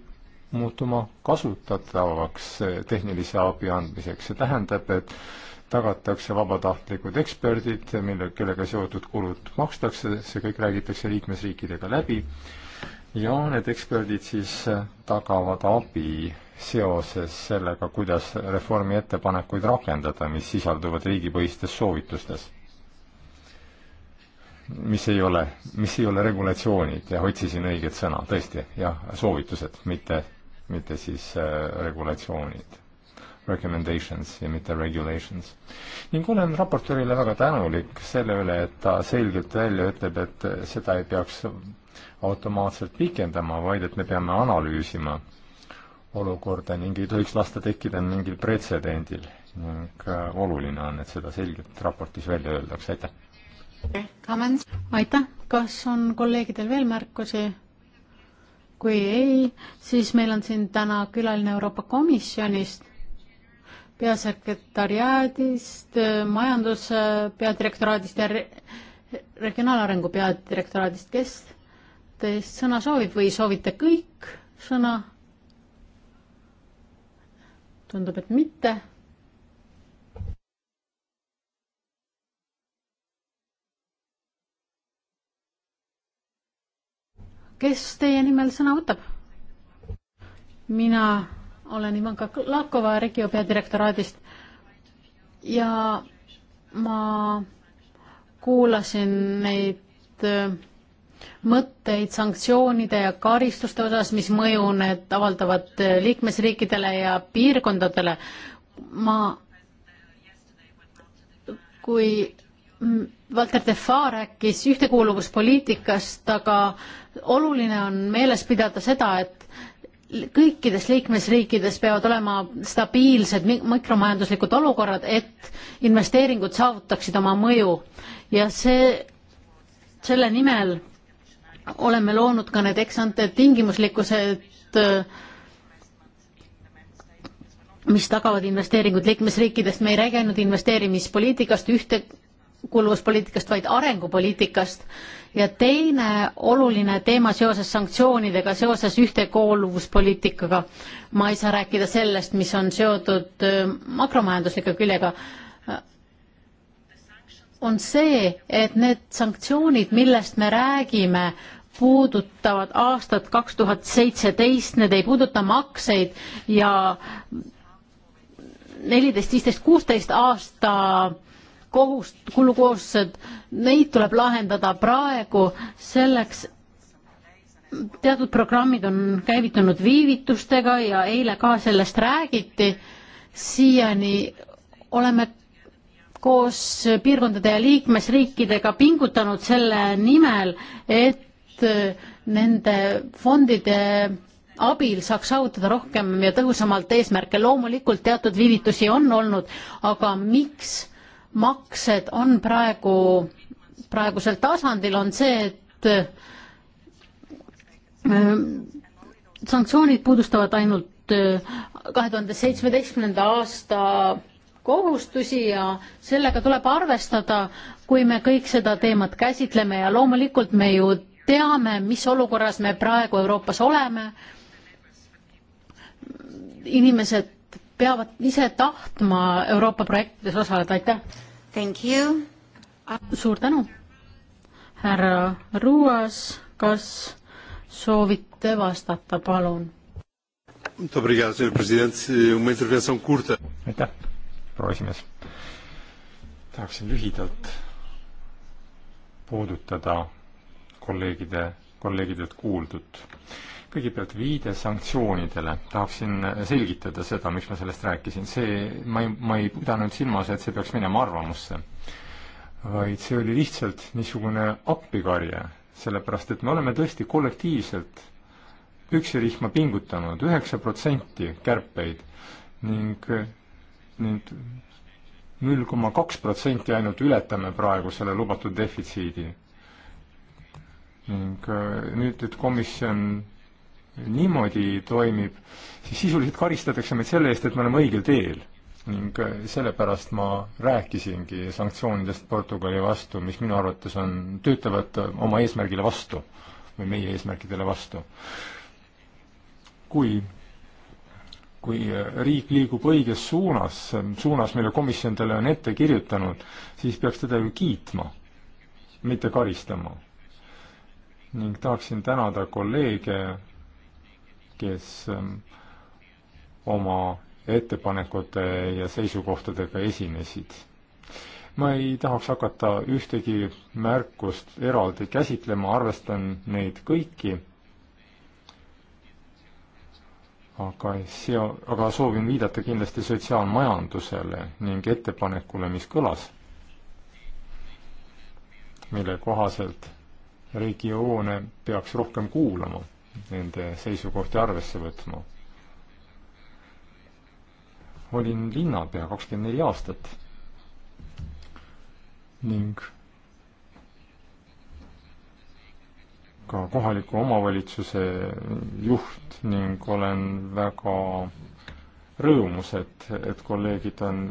muutuma kasutatavaks äh, tehnilise abi andmiseks. see tähendab, et tagatakse vabatahtlikud eksperdid, mille, kellega seotud kulud makstakse, see kõik räägitakse liikmesriikidega läbi ja need eksperdid siis tagavad abi seoses sellega, kuidas reformi ettepanekuid rakendada, mis sisalduvad riigipõhistes soovitustes. mis ei ole, mis ei ole regulatsioonid, jah, otsisin õiget sõna, tõesti, jah, soovitused, mitte, mitte siis äh, regulatsioonid recommendations ja mitte regulations. ning olen raportöörile väga tänulik selle üle, et ta selgelt välja ütleb, et seda ei peaks automaatselt pikendama, vaid et me peame analüüsima olukorda ning ei tohiks lasta tekkida mingil pretsedendil ning äh, oluline on, et seda selgelt raportis välja öeldakse, aitäh! aitäh, kas on kolleegidel veel märkusi? kui ei, siis meil on siin täna külaline Euroopa Komisjonist peasekretariaadist, majanduse peadirektoraadist ja regionaalarengu peadirektoraadist, kes teist sõna soovib või soovite kõik sõna? tundub, et mitte. kes teie nimel sõna võtab? mina olen Ivanka Lakova Regio peadirektoraadist ja ma kuulasin neid äh, mõtteid sanktsioonide ja karistuste osas, mis mõju need avaldavad äh, liikmesriikidele ja piirkondadele. ma, kui Valter Defaa rääkis ühtekuuluvuspoliitikast, aga oluline on meeles pidada seda, et kõikides liikmesriikides peavad olema stabiilsed mikromajanduslikud olukorrad, et investeeringud saavutaksid oma mõju ja see, selle nimel oleme loonud ka need eksante tingimuslikkused, mis tagavad investeeringud liikmesriikidest, me ei räägi ainult investeerimispoliitikast, ühtekuuluvuspoliitikast, vaid arengupoliitikast ja teine oluline teema seoses sanktsioonidega, seoses ühtekuuluvuspoliitikaga. ma ei saa rääkida sellest, mis on seotud äh, makromajandusliku küljega, äh, on see, et need sanktsioonid, millest me räägime, puudutavad aastat kaks tuhat seitseteist, need ei puuduta makseid ja neliteist, viisteist, kuusteist aasta kohust, kulukohustused, neid tuleb lahendada praegu selleks, teatud programmid on käivitunud viivitustega ja eile ka sellest räägiti, siiani oleme koos piirkondade ja liikmesriikidega pingutanud selle nimel, et nende fondide abil saaks saavutada rohkem ja tõhusamalt eesmärke. loomulikult teatud viivitusi on olnud, aga miks maksed on praegu, praegusel tasandil, on see, et äh, sanktsioonid puudustavad ainult äh, kahe tuhande seitsmeteistkümnenda aasta kohustusi ja sellega tuleb arvestada, kui me kõik seda teemat käsitleme ja loomulikult me ju teame, mis olukorras me praegu Euroopas oleme. inimesed peavad ise tahtma Euroopa projektides osaleda, aitäh! Thank you! suur tänu! härra Ruuas, kas soovite vastata, palun? aitäh, proua esimees! tahaksin lühidalt puudutada kolleegide, kolleegidelt kuuldut kõigepealt viide sanktsioonidele, tahaksin selgitada seda, miks ma sellest rääkisin, see, ma ei, ma ei pidanud silmas, et see peaks minema arvamusse, vaid see oli lihtsalt niisugune appikarje, sellepärast et me oleme tõesti kollektiivselt püksirihma pingutanud, üheksa protsenti kärpeid ning nüüd null koma kaks protsenti ainult ületame praegu selle lubatud defitsiidi. ning nüüd, et komisjon niimoodi toimib, siis sisuliselt karistatakse meid selle eest, et me oleme õigel teel. ning äh, sellepärast ma rääkisingi sanktsioonidest Portugali vastu, mis minu arvates on, töötavad äh, oma eesmärgile vastu või meie eesmärkidele vastu. kui, kui äh, riik liigub õiges suunas, suunas, mille komisjon talle on ette kirjutanud, siis peaks teda ju kiitma, mitte karistama. ning tahaksin tänada kolleege kes ähm, oma ettepanekute ja seisukohtadega esinesid. ma ei tahaks hakata ühtegi märkust eraldi käsitlema, arvestan neid kõiki, aga see, aga soovin viidata kindlasti sotsiaalmajandusele ning ettepanekule, mis kõlas, mille kohaselt riigihoone peaks rohkem kuulama nende seisukohti arvesse võtma. olin linnapea kakskümmend neli aastat ning ka kohaliku omavalitsuse juht ning olen väga rõõmus, et, et kolleegid on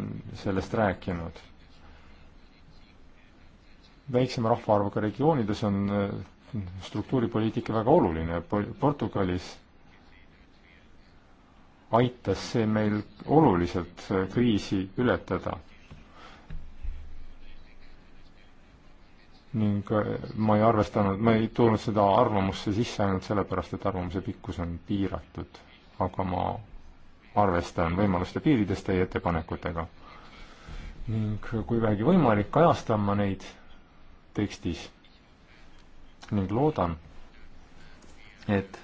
sellest rääkinud. väiksema rahvaarvuga regioonides on struktuuripoliitika väga oluline. Portugalis aitas see meil oluliselt kriisi ületada. ning äh, ma ei arvestanud, ma ei toonud seda arvamusse sisse ainult sellepärast, et arvamuse pikkus on piiratud, aga ma arvestan võimaluste piirides teie ettepanekutega. ning äh, kui vähegi võimalik, kajastan ma neid tekstis ning loodan, et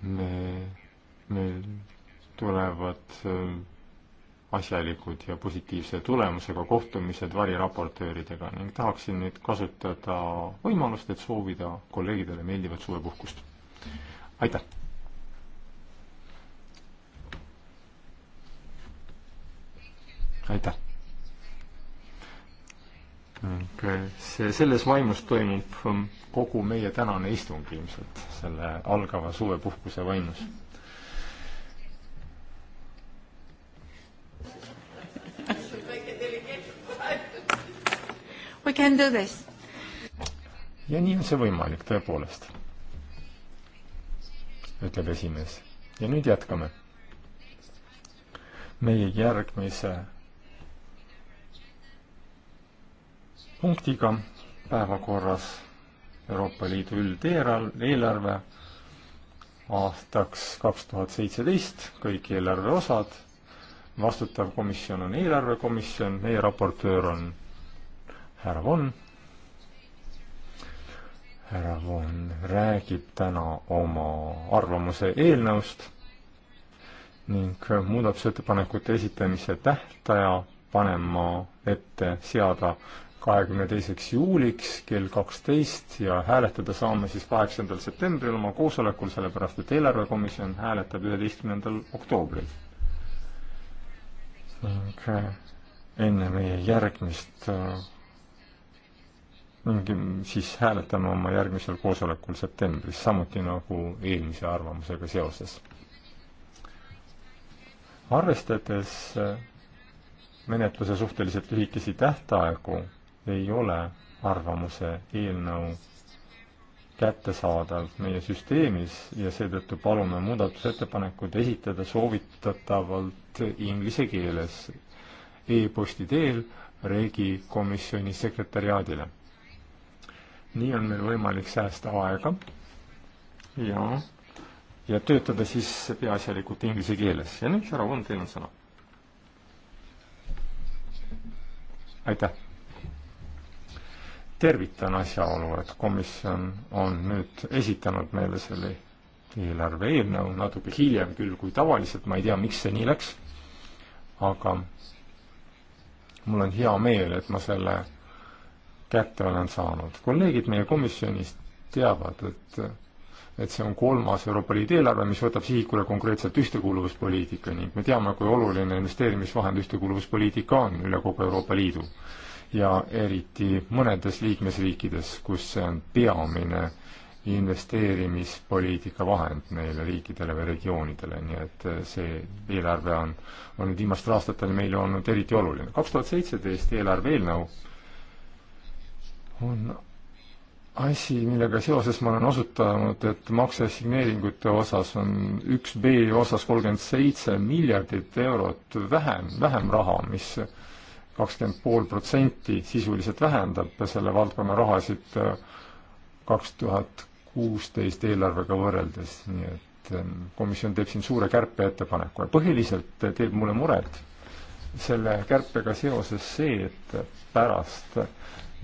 me, meil tulevad äh, asjalikud ja positiivse tulemusega kohtumised variraportööridega ning tahaksin nüüd kasutada võimalust, et soovida kolleegidele meeldivat suvepuhkust. aitäh! aitäh! ning eh, see, selles vaimus toimub um, kogu meie tänane istung ilmselt, selle algava suvepuhkuse vaimus. We can do this. ja nii on see võimalik tõepoolest, ütleb esimees. ja nüüd jätkame. meie järgmise punktiga päevakorras Euroopa Liidu üldeelarve aastaks kaks tuhat seitseteist, kõik eelarve osad, vastutav komisjon on eelarvekomisjon, meie raportöör on härra Von. härra Von räägib täna oma arvamuse eelnõust ning muudatusettepanekute esitamise tähtaja panen ma ette seada kahekümne teiseks juuliks kell kaksteist ja hääletada saame siis kaheksandal septembril oma koosolekul, sellepärast et eelarvekomisjon hääletab üheteistkümnendal oktoobril. ning äh, enne meie järgmist äh, mingi, siis hääletame oma järgmisel koosolekul septembris, samuti nagu eelmise arvamusega seoses. arvestades äh, menetluse suhteliselt lühikesi tähtaegu ei ole arvamuse eelnõu kättesaadav meie süsteemis ja seetõttu palume muudatusettepanekud esitada soovitatavalt inglise keeles e-posti teel Regi komisjoni sekretäriaadile. nii on meil võimalik säästa aega ja, ja töötada siis peaasjalikult inglise keeles ja nüüd, härra Von, teil on sõna. aitäh tervitan asjaolu, et komisjon on nüüd esitanud meile selle eelarve eelnõu natuke hiljem küll kui tavaliselt, ma ei tea, miks see nii läks, aga mul on hea meel, et ma selle kätte olen saanud. kolleegid meie komisjonis teavad, et et see on kolmas Euroopa Liidu eelarve, mis võtab sihikule konkreetselt ühtekuuluvuspoliitika ning me teame, kui oluline investeerimisvahend ühtekuuluvuspoliitika on üle kogu Euroopa Liidu ja eriti mõnedes liikmesriikides, kus see on peamine investeerimispoliitika vahend neile riikidele või regioonidele, nii et äh, see eelarve on, on viimastel aastatel meile olnud eriti oluline. kaks tuhat seitseteist eelarve eelnõu on asi, millega seoses ma olen osutanud, et makseassigneeringute osas on üks B osas kolmkümmend seitse miljardit eurot vähem, vähem raha, mis kakskümmend pool protsenti sisuliselt vähendab selle valdkonna rahasid äh, kaks tuhat kuusteist eelarvega võrreldes, nii et ähm, komisjon teeb siin suure kärpeettepaneku ja põhiliselt teeb mulle muret selle kärpega seoses see, et pärast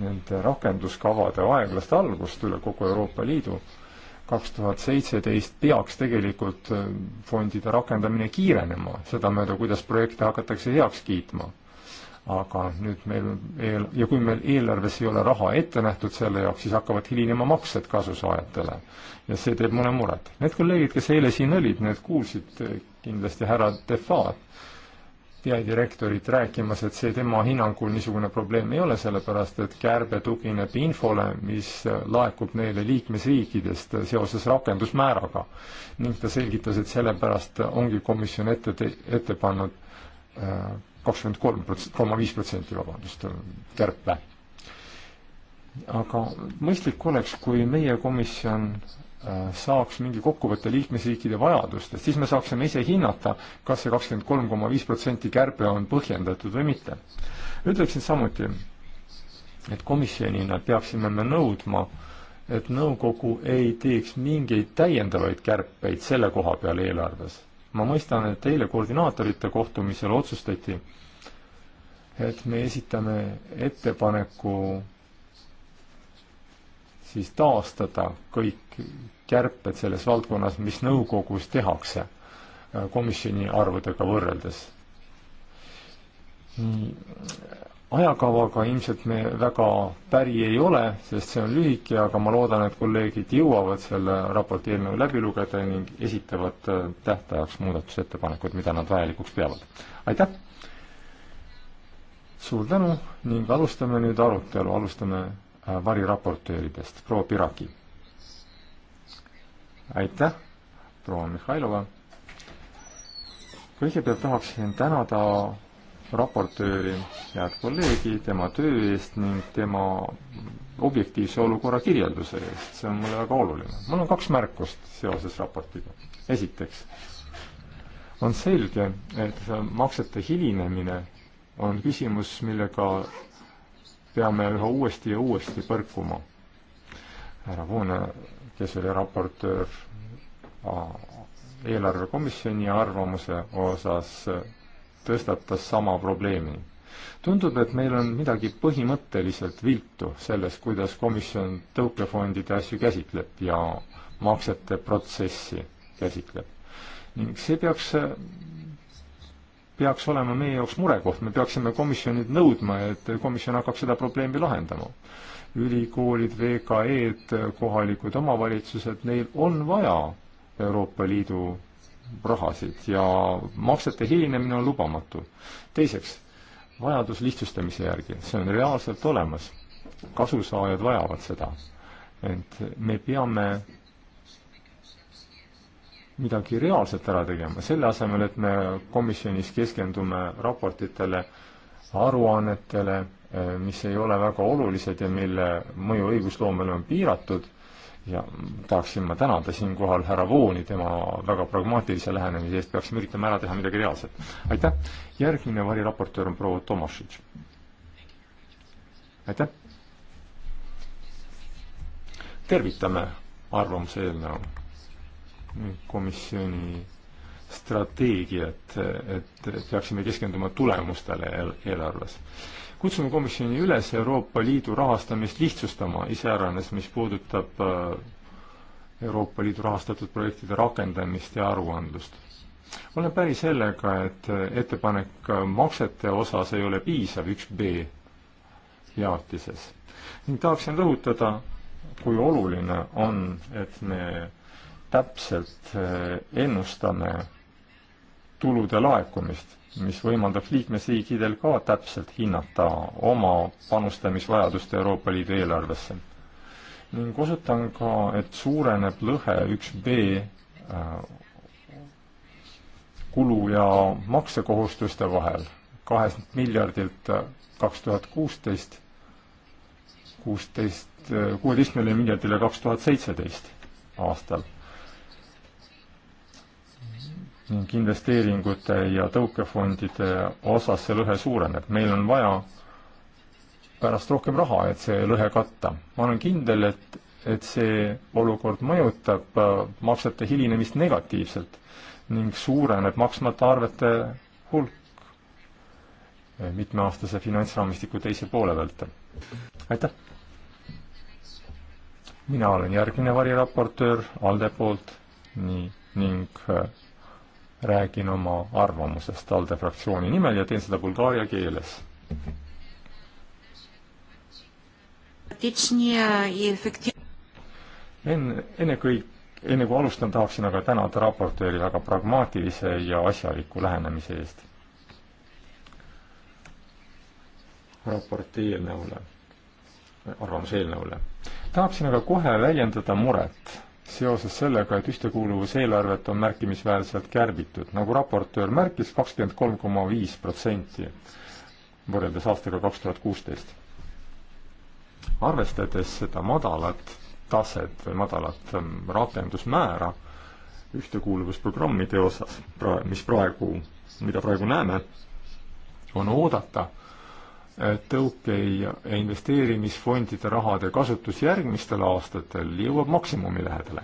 nende rakenduskavade aeglast algust üle kogu Euroopa Liidu kaks tuhat seitseteist peaks tegelikult äh, fondide rakendamine kiirenema, sedamööda, kuidas projekte hakatakse heaks kiitma aga nüüd meil eel-, ja kui meil eelarves ei ole raha ette nähtud selle jaoks, siis hakkavad hilinema maksed kasusaajatele. ja see teeb mõne muret. Need kolleegid, kes eile siin olid, need kuulsid eh, kindlasti härra Defaat, peadirektorit rääkimas, et see tema hinnangul niisugune probleem ei ole, sellepärast et kärbe tugineb infole, mis eh, laekub neile liikmesriikidest eh, seoses rakendusmääraga. ning ta selgitas, et sellepärast ongi komisjon ette, ette pannud äh, kakskümmend kolm prots-, koma viis protsenti, vabandust, kärpe. aga mõistlik oleks, kui meie komisjon äh, saaks mingi kokkuvõtte liikmesriikide vajadustest, siis me saaksime ise hinnata, kas see kakskümmend kolm koma viis protsenti kärbe on põhjendatud või mitte. ütleksin samuti, et komisjonina peaksime me nõudma, et nõukogu ei teeks mingeid täiendavaid kärpeid selle koha peal eelarves ma mõistan, et eile koordinaatorite kohtumisel otsustati, et me esitame ettepaneku siis taastada kõik kärped selles valdkonnas, mis nõukogus tehakse äh, komisjoni arvudega võrreldes ajakavaga ilmselt me väga päri ei ole, sest see on lühike, aga ma loodan, et kolleegid jõuavad selle raporti eelnõu läbi lugeda ning esitavad äh, tähtajaks muudatusettepanekud, mida nad vajalikuks peavad. aitäh! suur tänu ning alustame nüüd arutelu, alustame äh, variraportööridest, proua Piraki. aitäh, proua Mihhailova! kõigepealt tahaksin tänada raportööri, head kolleegi, tema töö eest ning tema objektiivse olukorra kirjelduse eest, see on mulle väga oluline. mul on kaks märkust seoses raportiga. esiteks, on selge, et maksete hilinemine on küsimus, millega peame üha uuesti ja uuesti põrkuma. härra Voone, kes oli raportöör eelarvekomisjoni arvamuse osas tõstatas sama probleemi. tundub, et meil on midagi põhimõtteliselt viltu selles, kuidas komisjon tõukefondide asju käsitleb ja maksete protsessi käsitleb. ning see peaks, peaks olema meie jaoks murekoht, me peaksime komisjonilt nõudma, et komisjon hakkaks seda probleemi lahendama. ülikoolid, VKE-d, kohalikud omavalitsused, neil on vaja Euroopa Liidu rahasid ja maksete hilinemine on lubamatu. teiseks, vajadus lihtsustamise järgi, see on reaalselt olemas. kasusaajad vajavad seda. ent me peame midagi reaalselt ära tegema, selle asemel, et me komisjonis keskendume raportitele, aruannetele, mis ei ole väga olulised ja mille mõju õigusloomele on piiratud ja tahaksin ma tänada siinkohal härra Vooni tema väga pragmaatilise lähenemise eest, peaksime üritama ära teha midagi reaalset. aitäh, järgmine variraportöör on proua Tomašitš. aitäh. tervitame arvamuse eelnõu komisjoni strateegiat, et peaksime keskenduma tulemustele eelarves el kutsume komisjoni üles Euroopa Liidu rahastamist lihtsustama, iseäranis, mis puudutab äh, Euroopa Liidu rahastatud projektide rakendamist ja aruandlust. olen päri sellega, et äh, ettepanek äh, maksete osas ei ole piisav üks B jaotises ning tahaksin rõhutada, kui oluline on, et me täpselt ennustame tulude laekumist mis võimaldab liikmesriikidel ka täpselt hinnata oma panustamisvajadust Euroopa Liidu eelarvesse. ning osutan ka, et suureneb lõhe üks B äh, kulu- ja maksekohustuste vahel kahest miljardilt äh, kaks tuhat kuusteist, kuusteist, äh, kuueteistkümnele miljardile kaks tuhat seitseteist aastal ning investeeringute ja tõukefondide osas see lõhe suureneb. meil on vaja pärast rohkem raha, et see lõhe katta. ma olen kindel, et, et see olukord mõjutab äh, maksete hilinemist negatiivselt ning suureneb maksmata arvete hulk äh, mitmeaastase finantsraamistiku teise poole vältel. aitäh! mina olen järgmine variraportöör ALDE poolt, nii, ning äh, räägin oma arvamusest ALDE fraktsiooni nimel ja teen seda bulgaaria keeles. enne, ennekõike, enne kui alustan, tahaksin aga tänada raportööri väga pragmaatilise ja asjaliku lähenemise eest raporti eelnõule, arvamuse eelnõule. tahaksin aga kohe väljendada muret seoses sellega, et ühtekuuluvuseelarvet on märkimisväärselt kärbitud. nagu raportöör märkis, kakskümmend kolm koma viis protsenti võrreldes aastaga kaks tuhat kuusteist. arvestades seda madalat taset või madalat ähm, rakendusmäära ühtekuuluvusprogrammide osas, mis praegu, mida praegu näeme, on oodata, tõuke ja investeerimisfondide rahade kasutus järgmistel aastatel jõuab maksimumi lähedale.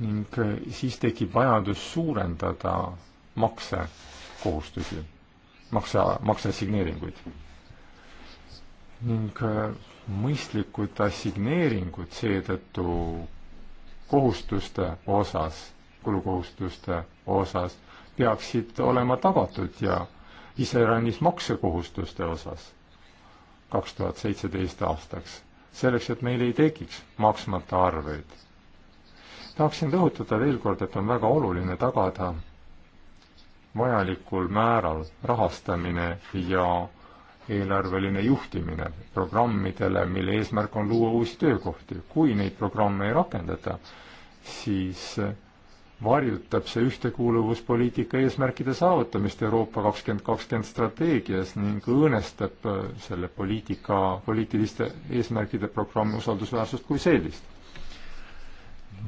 ning eh, siis tekib vajadus suurendada maksekohustusi, makse, makseassigneeringuid. ning eh, mõistlikud assigneeringud seetõttu kohustuste osas, kulukohustuste osas peaksid olema tagatud ja iseäranis maksekohustuste osas kaks tuhat seitseteist aastaks, selleks, et meil ei tekiks maksmata arveid. tahaksin rõhutada veel kord, et on väga oluline tagada vajalikul määral rahastamine ja eelarveline juhtimine programmidele, mille eesmärk on luua uusi töökohti. kui neid programme ei rakendata, siis varjutab see ühtekuuluvuspoliitika eesmärkide saavutamist Euroopa kakskümmend kakskümmend strateegias ning õõnestab äh, selle poliitika, poliitiliste eesmärkide programmi usaldusväärsust kui sellist.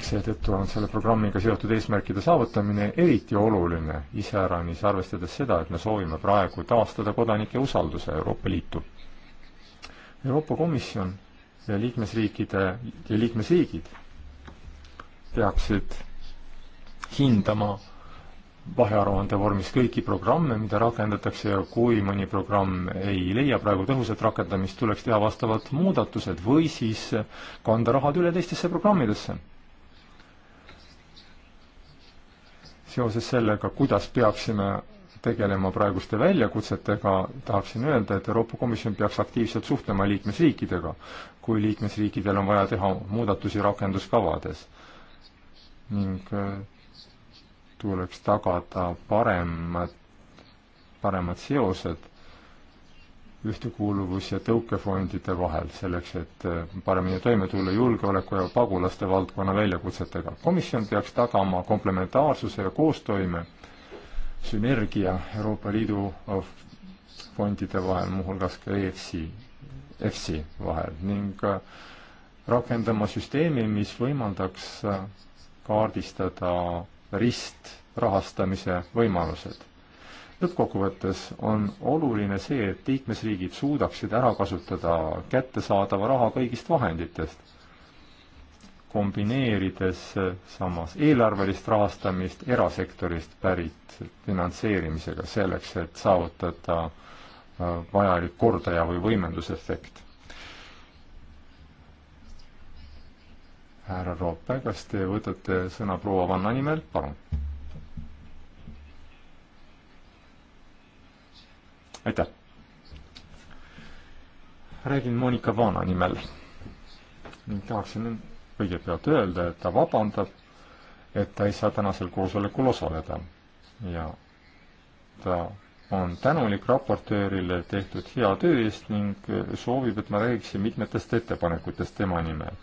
seetõttu on selle programmiga seotud eesmärkide saavutamine eriti oluline, iseäranis arvestades seda, et me soovime praegu taastada kodanike usalduse Euroopa Liitu. Euroopa Komisjon ja liikmesriikide ja liikmesriigid peaksid hindama vahearuande vormis kõiki programme, mida rakendatakse ja kui mõni programm ei leia praegu tõhusat rakendamist, tuleks teha vastavad muudatused või siis kanda rahad üle teistesse programmidesse. seoses sellega, kuidas peaksime tegelema praeguste väljakutsetega, tahaksin öelda, et Euroopa Komisjon peaks aktiivselt suhtlema liikmesriikidega, kui liikmesriikidel on vaja teha muudatusi rakenduskavades. ning tuleks tagada paremad, paremad seosed ühtekuuluvus- ja tõukefondide vahel, selleks et eh, paremini toime tulla julgeoleku ja pagulaste valdkonna väljakutsetega. komisjon peaks tagama komplementaarsuse ja koostoime, sünergia Euroopa Liidu fondide vahel, muuhulgas ka EFSI, EFSI vahel ning eh, rakendama süsteemi, mis võimaldaks eh, kaardistada ristrahastamise võimalused. lõppkokkuvõttes on oluline see, et liikmesriigid suudaksid ära kasutada kättesaadava raha kõigist vahenditest kombineerides samas eelarvelist rahastamist erasektorist pärit finantseerimisega selleks, et saavutada äh, vajalik kordaja või võimendusefekt. härra Roope, kas te võtate sõna proua Vanna nimel, palun? aitäh! räägin Monika Vana nimel ning tahaksin kõigepealt öelda, et ta vabandab, et ta ei saa tänasel koosolekul osaleda ja ta on tänulik raportöörile tehtud hea töö eest ning soovib, et ma räägiksin mitmetest ettepanekutest tema nimel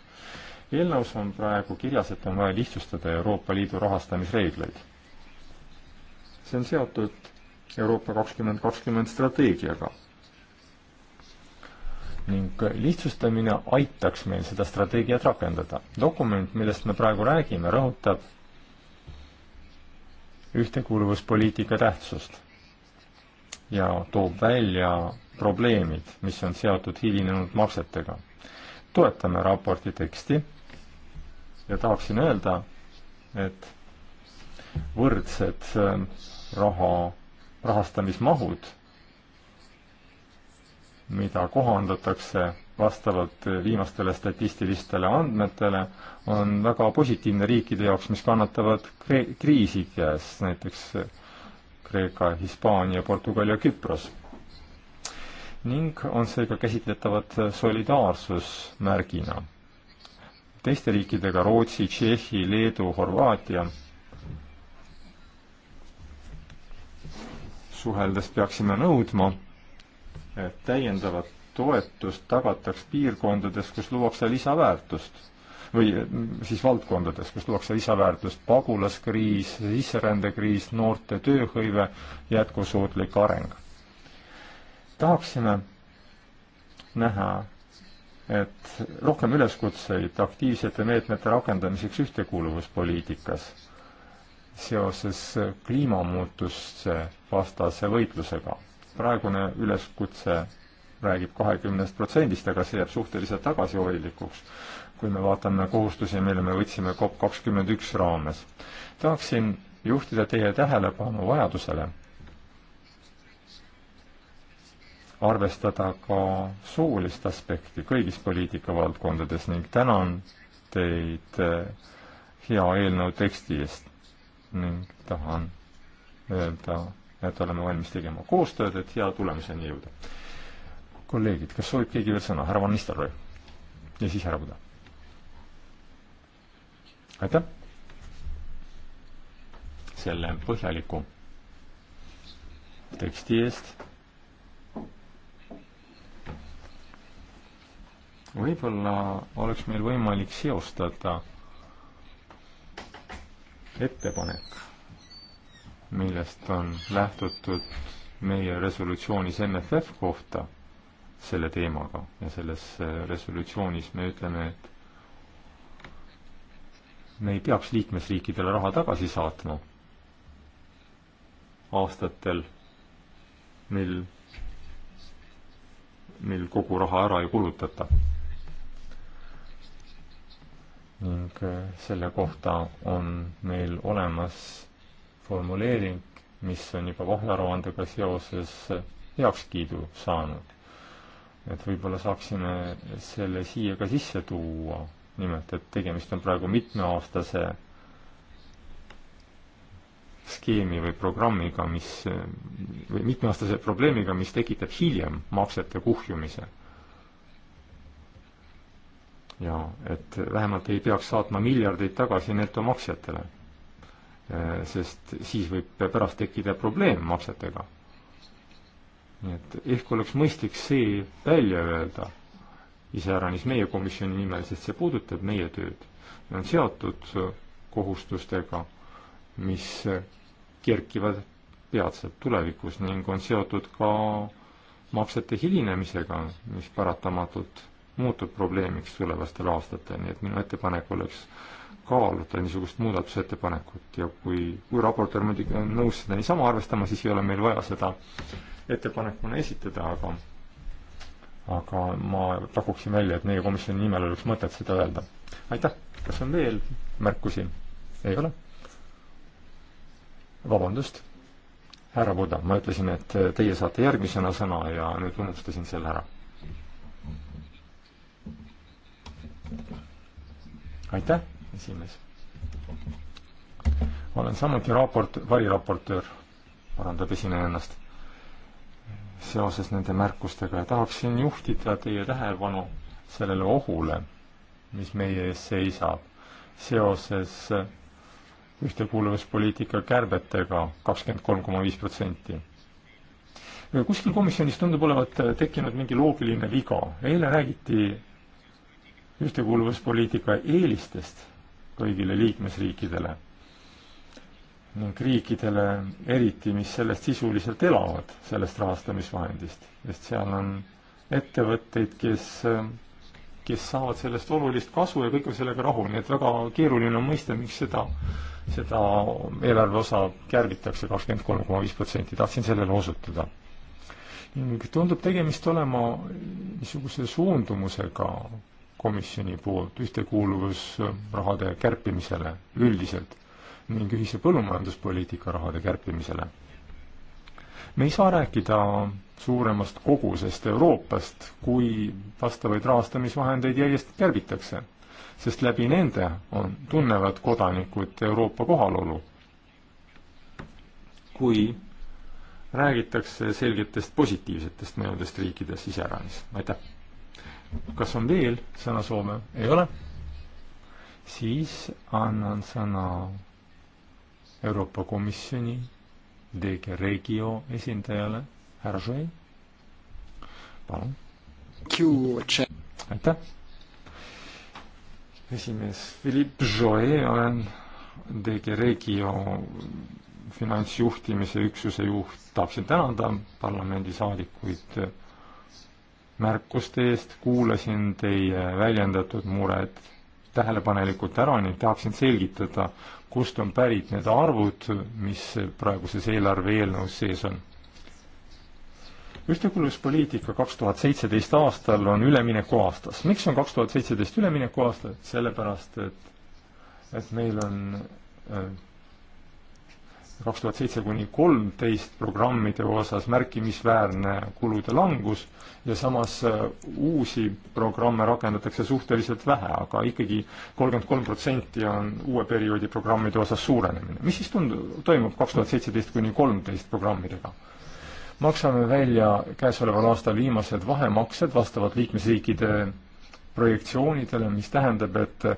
eelnõus on praegu kirjas, et on vaja lihtsustada Euroopa Liidu rahastamisreegleid. see on seotud Euroopa kakskümmend kakskümmend strateegiaga. ning lihtsustamine aitaks meil seda strateegiat rakendada. dokument, millest me praegu räägime, rõhutab ühtekuuluvuspoliitika tähtsust ja toob välja probleemid, mis on seotud hilinenud maksetega. toetame raporti teksti ja tahaksin öelda, et võrdsed ähm, raha, rahastamismahud, mida kohandatakse vastavalt äh, viimastele statistilistele andmetele, on väga positiivne riikide jaoks, mis kannatavad kriisi käes, näiteks äh, Kreeka, Hispaania, Portugal ja Küpros. ning on seega käsitletavad äh, solidaarsusmärgina teiste riikidega, Rootsi, Tšehhi, Leedu, Horvaatia, suheldes peaksime nõudma, et täiendavat toetust tagataks piirkondades, kus luuakse lisaväärtust või mm, siis valdkondades, kus luuakse lisaväärtust, pagulaskriis, sisserändekriis, noorte tööhõive, jätkusuutlik areng. tahaksime näha et rohkem üleskutseid aktiivsete meetmete rakendamiseks ühtekuuluvuspoliitikas seoses kliimamuutuste vastase võitlusega. praegune üleskutse räägib kahekümnest protsendist, aga see jääb suhteliselt tagasihoidlikuks, kui me vaatame kohustusi, mille me võtsime COP kakskümmend üks raames. tahaksin juhtida teie tähelepanu vajadusele, arvestada ka soolist aspekti kõigis poliitikavaldkondades ning tänan teid eh, hea eelnõu teksti eest ning tahan öelda, et oleme valmis tegema koostööd, et hea tulemuseni jõuda. kolleegid, kas soovib keegi veel sõna? härra Van Nistelrooy ja siis härra Puda. aitäh selle põhjaliku teksti eest võib-olla oleks meil võimalik seostada ettepanek, millest on lähtutud meie resolutsioonis MFF kohta selle teemaga ja selles äh, resolutsioonis me ütleme, et me ei peaks liikmesriikidele raha tagasi saatma aastatel, mil, mil kogu raha ära ei kulutata ning äh, selle kohta on meil olemas formuleering, mis on juba vahearuandega seoses heakskiidu saanud. et võib-olla saaksime selle siia ka sisse tuua, nimelt et tegemist on praegu mitmeaastase skeemi või programmiga, mis, või mitmeaastase probleemiga, mis tekitab hiljem maksete kuhjumise ja et vähemalt ei peaks saatma miljardeid tagasi netomaksjatele. sest siis võib pärast tekkida probleem maksetega. nii et ehk oleks mõistlik see välja öelda, iseäranis meie komisjoni nimel, sest see puudutab meie tööd. Need on seotud kohustustega, mis kerkivad peatselt tulevikus ning on seotud ka maksete hilinemisega, mis paratamatult muutub probleemiks tulevastel aastatel, nii et minu ettepanek oleks kaaluda niisugust muudatusettepanekut ja kui, kui raportöör muidugi on nõus seda niisama arvestama, siis ei ole meil vaja seda ettepanekuna esitada, aga aga ma pakuksin välja, et meie komisjoni nimel oleks mõtet seda öelda. aitäh, kas on veel märkusi? ei ole? vabandust, härra Buda, ma ütlesin, et teie saate järgmisena sõna ja nüüd unustasin selle ära aitäh, esimees. olen samuti raport, variraportöör, parandab esineja ennast, seoses nende märkustega ja tahaksin juhtida teie tähelepanu sellele ohule, mis meie ees seisab seoses ühtekuuluvuspoliitika kärbetega kakskümmend kolm koma viis protsenti. kuskil komisjonis tundub olevat tekkinud mingi loogiline viga. eile räägiti ühtekuuluvuspoliitika eelistest kõigile liikmesriikidele ning riikidele eriti, mis sellest sisuliselt elavad, sellest rahastamisvahendist, sest seal on ettevõtteid, kes, kes saavad sellest olulist kasu ja kõik on sellega rahul, nii et väga keeruline on mõista, miks seda, seda eelarve osa kärbitakse kakskümmend kolm koma viis protsenti, tahtsin sellele osutada ning tundub tegemist olema niisuguse suundumusega komisjoni poolt ühtekuuluvusrahade kärpimisele üldiselt ning ühise põllumajanduspoliitika rahade kärpimisele. me ei saa rääkida suuremast kogusest Euroopast, kui vastavaid rahastamisvahendeid järjest kärbitakse, sest läbi nende on, tunnevad kodanikud Euroopa kohalolu. kui räägitakse selgetest positiivsetest mõjudest riikides iseäranis, aitäh! kas on veel sõnasoove? ei ole? siis annan sõna Euroopa Komisjoni DG Regio esindajale, härra Žoi. palun. aitäh. esimees Philippe Žoi, olen DG Regio finantsjuhtimise üksuse juht, tahaksin tänada parlamendisaadikuid märkuste eest, kuulasin teie väljendatud mured tähelepanelikult ära ning tahaksin selgitada, kust on pärit need arvud, mis praeguses eelarve eelnõus sees on. ühtekuuluvuspoliitika kaks tuhat seitseteist aastal on üleminekuaastas. miks on kaks tuhat seitseteist üleminekuaasta? sellepärast, et et meil on äh, kaks tuhat seitse kuni kolmteist programmide osas märkimisväärne kulude langus ja samas äh, uusi programme rakendatakse suhteliselt vähe, aga ikkagi kolmkümmend kolm protsenti on uue perioodi programmide osas suurenemine. mis siis tund-, toimub kaks tuhat seitseteist kuni kolmteist programmidega? maksame välja käesoleval aastal viimased vahemaksed vastavalt liikmesriikide projektsioonidele, mis tähendab, et äh,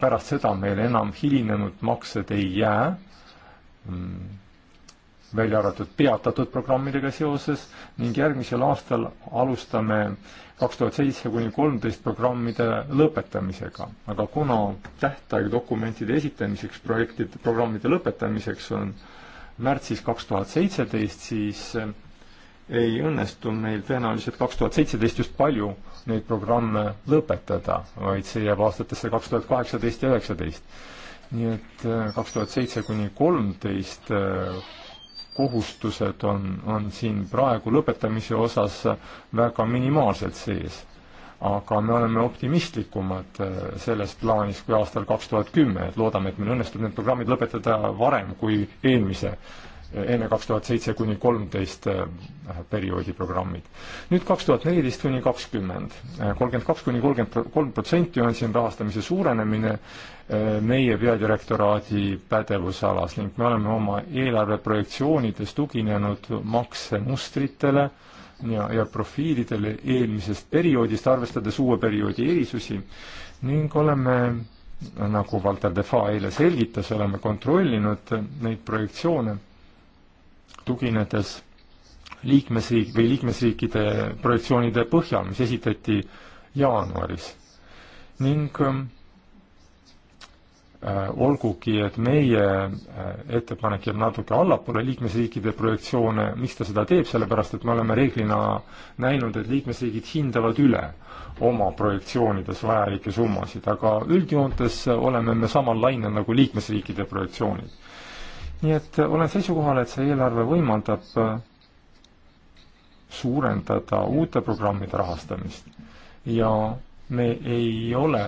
pärast seda meil enam hilinenud maksed ei jää Mm. välja arvatud peatatud programmidega seoses ning järgmisel aastal alustame kaks tuhat seitse kuni kolmteist programmide lõpetamisega. aga kuna tähtaeg dokumentide esitamiseks, projektide, programmide lõpetamiseks on märtsis kaks tuhat seitseteist, siis eh, ei õnnestu meil tõenäoliselt kaks tuhat seitseteist just palju neid programme lõpetada, vaid see jääb aastatesse kaks tuhat kaheksateist ja üheksateist nii et äh, kaks tuhat seitse kuni kolmteist äh, kohustused on, on siin praegu lõpetamise osas väga minimaalselt sees. aga me oleme optimistlikumad äh, selles plaanis kui aastal kaks tuhat kümme, et loodame, et meil õnnestub need programmid lõpetada varem kui eelmise enne kaks tuhat seitse kuni kolmteist äh, perioodi programmid. nüüd kaks tuhat neliteist kuni kakskümmend, äh, kolmkümmend kaks kuni kolmkümmend kolm protsenti on siin rahastamise suurenemine äh, meie peadirektoraadi pädevusalas ning me oleme oma eelarveprojektsioonides tuginenud maksemustritele ja, ja profiilidele eelmisest perioodist, arvestades uue perioodi erisusi ning oleme nagu Walter Defa eile selgitas, oleme kontrollinud neid projektsioone tuginedes liikmesriik või liikmesriikide projektsioonide põhjal, mis esitati jaanuaris. ning ähm, äh, olgugi, et meie äh, ettepanek jääb natuke allapoole liikmesriikide projektsioone, miks ta seda teeb, sellepärast et me oleme reeglina näinud, et liikmesriigid hindavad üle oma projektsioonides vajalikke summasid, aga üldjoontes oleme me samal lainel nagu liikmesriikide projektsioonid nii et äh, olen seisukohal, et see eelarve võimaldab äh, suurendada uute programmide rahastamist ja me ei ole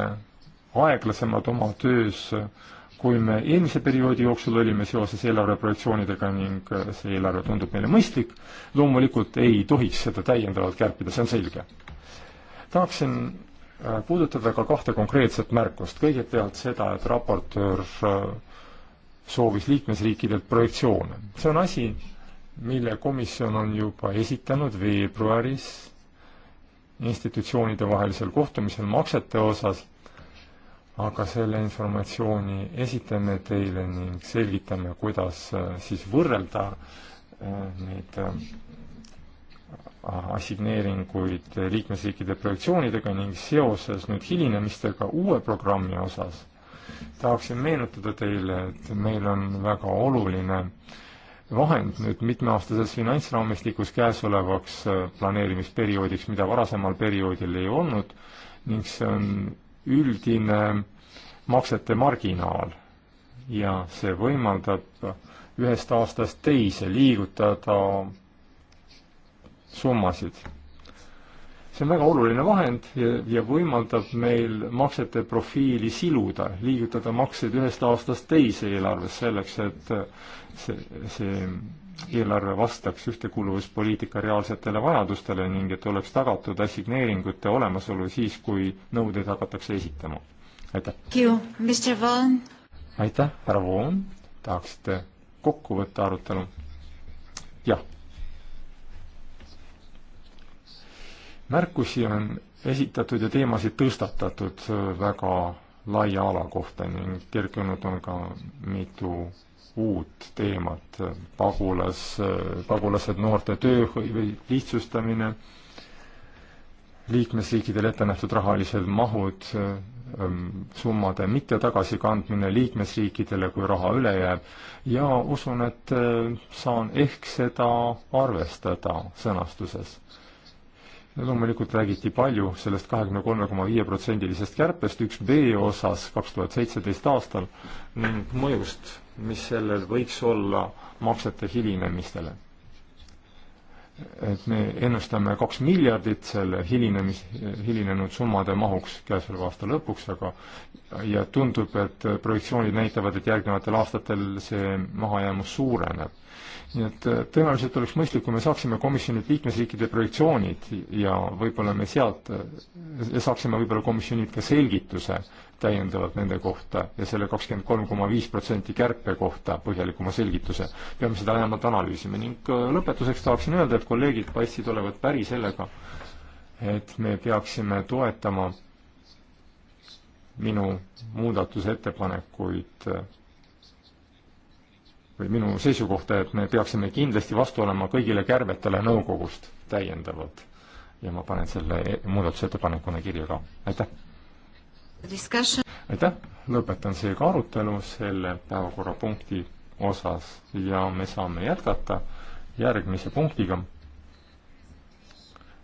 aeglasemad oma töös, kui me eelmise perioodi jooksul olime seoses eelarveprojektsioonidega ning äh, see eelarve tundub meile mõistlik. loomulikult ei tohiks seda täiendavalt kärpida, see on selge. tahaksin puudutada ka kahte konkreetset märkust, kõigepealt seda, et raportöör soovis liikmesriikidelt projektsioone. see on asi, mille komisjon on juba esitanud veebruaris institutsioonide vahelisel kohtumisel maksete osas, aga selle informatsiooni esitame teile ning selgitame, kuidas äh, siis võrrelda äh, neid äh, assigneeringuid liikmesriikide projektsioonidega ning seoses nüüd hilinemistega uue programmi osas tahaksin meenutada teile, et meil on väga oluline vahend nüüd mitmeaastases finantsraamistikus käesolevaks äh, planeerimisperioodiks, mida varasemal perioodil ei olnud ning see on üldine maksete marginaal ja see võimaldab ühest aastast teise liigutada summasid see on väga oluline vahend ja, ja võimaldab meil maksete profiili siluda, liigutada makseid ühest aastast teise eelarves selleks, et see, see eelarve vastaks ühtekuuluvuspoliitika reaalsetele vajadustele ning et oleks tagatud assigneeringute olemasolu siis, kui nõudeid hakatakse esitama. aitäh! aitäh, härra Voon, tahaksite kokku võtta arutelu? jah märkusi on esitatud ja teemasid tõstatatud väga laia ala kohta ning kerkinud on ka mitu uut teemat, pagulas, pagulased, noorte tööhõive lihtsustamine, liikmesriikidele ette nähtud rahalised mahud, ähm, summade mitte tagasikandmine liikmesriikidele, kui raha üle jääb, ja usun, et äh, saan ehk seda arvestada sõnastuses loomulikult räägiti palju sellest kahekümne kolme koma viie protsendilisest kärpest üks B osas kaks tuhat seitseteist aastal ning mõjust, mis sellel võiks olla maksete hilinemistele. et me ennustame kaks miljardit selle hilinemis, hilinenud summade mahuks käesoleva aasta lõpuks, aga ja tundub, et projektsioonid näitavad, et järgnevatel aastatel see mahajäämus suureneb nii et äh, tõenäoliselt oleks mõistlik, kui me saaksime komisjonilt liikmesriikide projektsioonid ja võib-olla me sealt äh, saaksime võib-olla komisjonilt ka selgituse täiendavalt nende kohta ja selle kakskümmend kolm koma viis protsenti kärpe kohta põhjalikuma selgituse. peame seda vähemalt analüüsima ning äh, lõpetuseks tahaksin öelda, et kolleegid paistsid olevat päri sellega, et me peaksime toetama minu muudatusettepanekuid või minu seisukohta, et me peaksime kindlasti vastu olema kõigile kärbetele nõukogust täiendavalt. ja ma panen selle e-, muudatusettepanekuna kirja ka, aitäh! aitäh, lõpetan seega arutelu selle päevakorrapunkti osas ja me saame jätkata järgmise punktiga,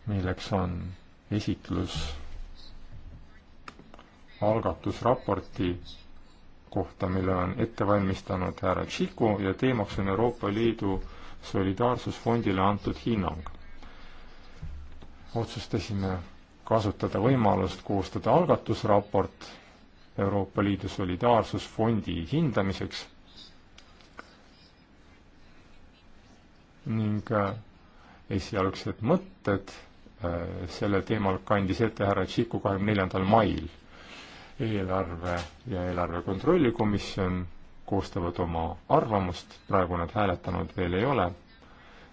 milleks on esitlus algatusraporti kohta, mille on ette valmistanud härra Tšiku ja teemaks on Euroopa Liidu solidaarsusfondile antud hinnang. otsustasime kasutada võimalust koostada algatusraport Euroopa Liidu solidaarsusfondi hindamiseks ning äh, esialgsed mõtted äh, sellel teemal kandis ette härra Tšiku kahekümne neljandal mail eelarve ja eelarve kontrolli komisjon koostavad oma arvamust, praegu nad hääletanud veel ei ole.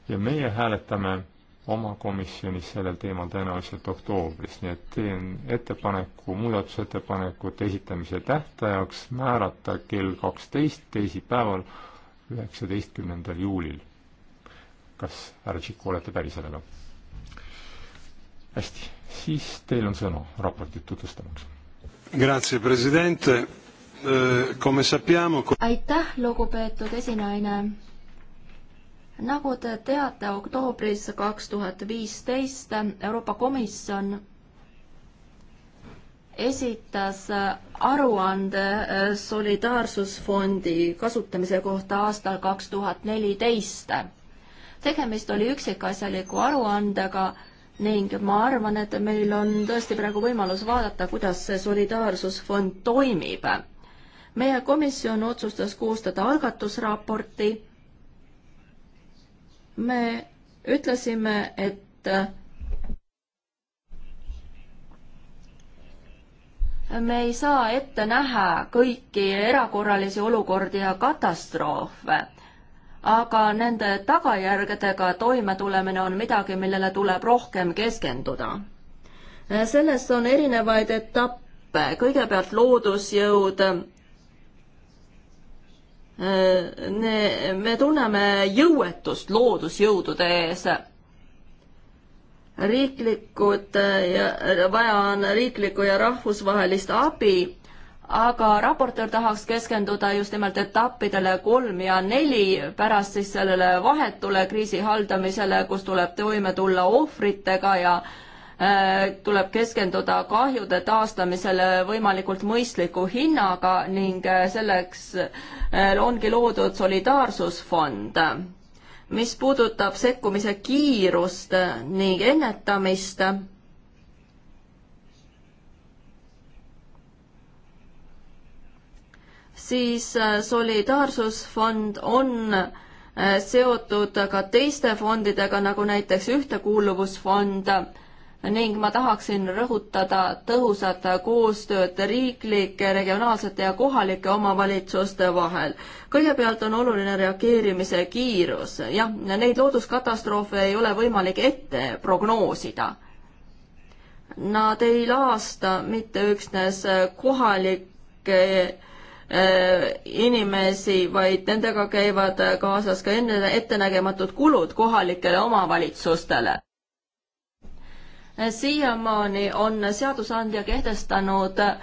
ja meie hääletame oma komisjonis sellel teemal tõenäoliselt oktoobris, nii et teen ettepaneku muudatusettepanekute esitamise tähtajaks määrata kell kaksteist teisipäeval, üheksateistkümnendal juulil. kas härra Tšikku olete päri sellega? hästi, siis teil on sõna raportit tutvustamaks Grazie, president. Eh, come sappiamo... aitäh, lugupeetud esinaine. nagu te teate, oktoobris kaks tuhat viisteist Euroopa Komisjon esitas aruande eh, Solidaarsusfondi kasutamise kohta aastal kaks tuhat neliteist. tegemist oli üksikasjaliku aruandega ning ma arvan, et meil on tõesti praegu võimalus vaadata, kuidas see solidaarsusfond toimib. meie komisjon otsustas koostada algatusraporti. me ütlesime, et me ei saa ette näha kõiki erakorralisi olukordi ja katastroofe aga nende tagajärgedega toimetulemine on midagi, millele tuleb rohkem keskenduda. selles on erinevaid etappe, kõigepealt loodusjõud ne, me tunneme jõuetust loodusjõudude ees. riiklikud ja vaja on riiklikku ja rahvusvahelist abi aga raportöör tahaks keskenduda just nimelt etappidele kolm ja neli, pärast siis sellele vahetule kriisi haldamisele, kus tuleb toime tulla ohvritega ja äh, tuleb keskenduda kahjude taastamisele võimalikult mõistliku hinnaga ning äh, selleks äh, ongi loodud solidaarsusfond, mis puudutab sekkumise kiirust ning ennetamist siis äh, solidaarsusfond on äh, seotud ka teiste fondidega, nagu näiteks ühtekuuluvusfond ning ma tahaksin rõhutada tõhusat koostööd riiklike, regionaalsete ja kohalike omavalitsuste vahel. kõigepealt on oluline reageerimise kiirus, jah, neid looduskatastroofe ei ole võimalik ette prognoosida Nad ei laasta mitte üksnes kohalikke Äh, inimesi, vaid nendega käivad kaasas ka enne ettenägematud kulud kohalikele omavalitsustele. siiamaani on seadusandja kehtestanud äh,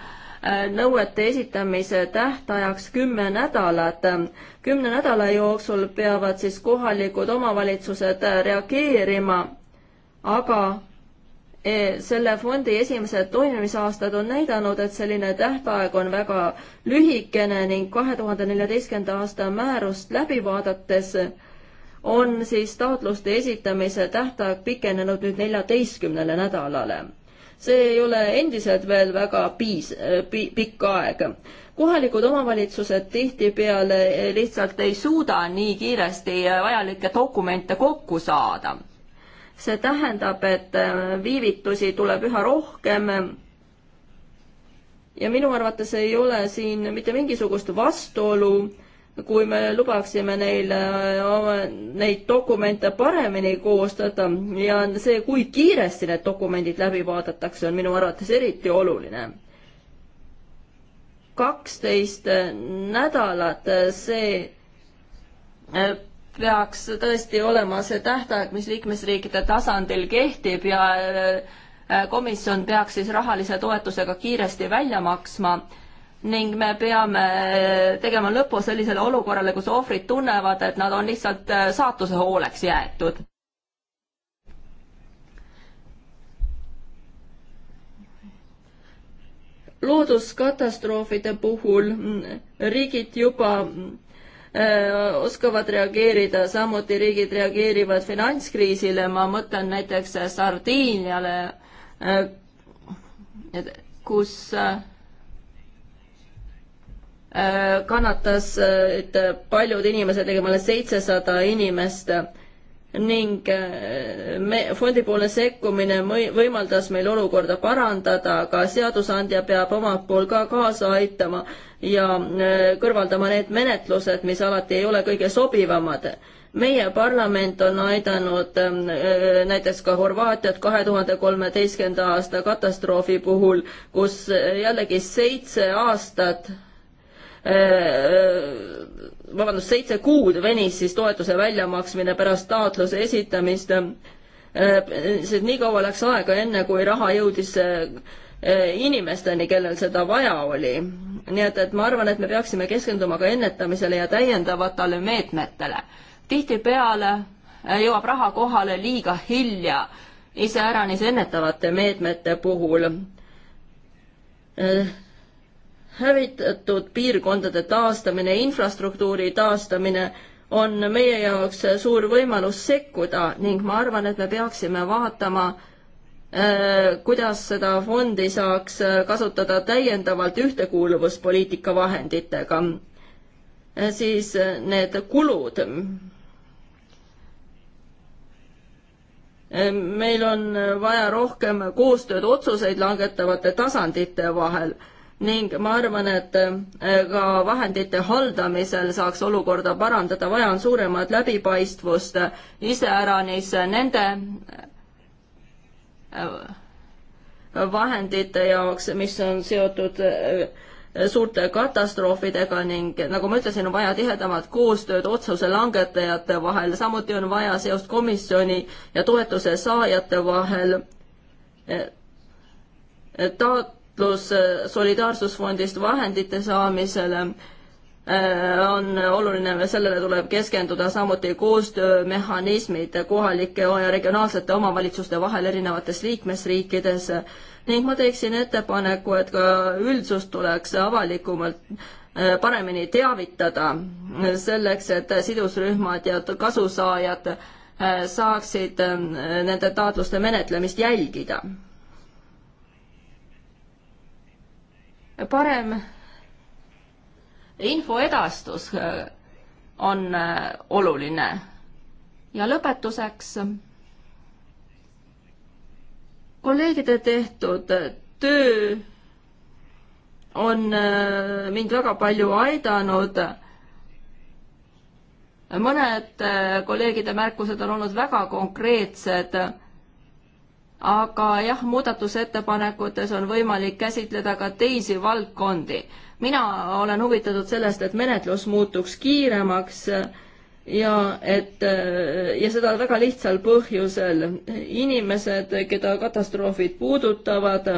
nõuete esitamise tähtajaks kümme nädalat. kümne nädala jooksul peavad siis kohalikud omavalitsused äh, reageerima, aga E, selle fondi esimesed toimimisaastad on näidanud, et selline tähtaeg on väga lühikene ning kahe tuhande neljateistkümnenda aasta määrust läbi vaadates on siis taotluste esitamise tähtaeg pikenenud nüüd neljateistkümnele nädalale. see ei ole endiselt veel väga piis- e, pi,, pikk aeg. kohalikud omavalitsused tihtipeale lihtsalt ei suuda nii kiiresti vajalikke dokumente kokku saada see tähendab, et äh, viivitusi tuleb üha rohkem. ja minu arvates ei ole siin mitte mingisugust vastuolu, kui me lubaksime neil äh, neid dokumente paremini koostada ja see, kui kiiresti need dokumendid läbi vaadatakse, on minu arvates eriti oluline kaksteist äh, nädalat, see peaks tõesti olema see tähtaeg, mis liikmesriikide tasandil kehtib ja äh, äh, komisjon peaks siis rahalise toetusega kiiresti välja maksma ning me peame äh, tegema lõpu sellisele olukorrale, kus ohvrid tunnevad, et nad on lihtsalt saatuse hooleks jäetud. looduskatastroofide puhul mm, riigid juba mm, Äh, oskavad reageerida, samuti riigid reageerivad finantskriisile, ma mõtlen näiteks Sardiiniale, äh, kus äh, kannatas, et paljud inimesed, ligemale seitsesada inimest ning me, fondipoolne sekkumine mõi-, võimaldas meil olukorda parandada, aga seadusandja peab omalt poolt ka kaasa aitama ja äh, kõrvaldama need menetlused, mis alati ei ole kõige sobivamad meie parlament on aidanud ähm, äh, näiteks ka Horvaatiat kahe tuhande kolmeteistkümnenda aasta katastroofi puhul, kus äh, jällegi seitse aastat vabandust, seitse kuud venis siis toetuse väljamaksmine pärast taotluse esitamist. nii kaua läks aega, enne kui raha jõudis Eh, inimesteni, kellel seda vaja oli. nii et, et ma arvan, et me peaksime keskenduma ka ennetamisele ja täiendavatele meetmetele. tihtipeale eh, jõuab raha kohale liiga hilja, iseäranis ennetavate meetmete puhul eh, hävitatud piirkondade taastamine, infrastruktuuri taastamine on meie jaoks suur võimalus sekkuda ning ma arvan, et me peaksime vaatama, Äh, kuidas seda fondi saaks äh, kasutada täiendavalt ühtekuuluvuspoliitika vahenditega, äh, siis need kulud, meil on vaja rohkem koostööd otsuseid langetavate tasandite vahel ning ma arvan, et ka vahendite haldamisel saaks olukorda parandada, vaja on suuremat läbipaistvust iseäranis nende Äh, vahendite jaoks, mis on seotud äh, suurte katastroofidega ning nagu ma ütlesin, on vaja tihedamat koostööd otsuse langetajate vahel, samuti on vaja seost komisjoni ja toetuse saajate vahel. Äh, taotlus Solidaarsusfondist vahendite saamisele Äh, on oluline, sellele tuleb keskenduda, samuti koostöömehhanismid kohalike ja regionaalsete omavalitsuste vahel erinevates liikmesriikides ning ma teeksin ettepaneku, et ka üldsust tuleks avalikumalt äh, paremini teavitada äh, selleks, et sidusrühmad ja kasusaajad saaksid nende taotluste menetlemist jälgida. parem infoedastus äh, on äh, oluline. ja lõpetuseks äh, kolleegide tehtud töö on mind väga palju aidanud. mõned kolleegide märkused on olnud väga konkreetsed aga jah, muudatusettepanekutes on võimalik käsitleda ka teisi valdkondi. mina olen huvitatud sellest, et menetlus muutuks kiiremaks ja et ja seda väga lihtsal põhjusel. inimesed, keda katastroofid puudutavad,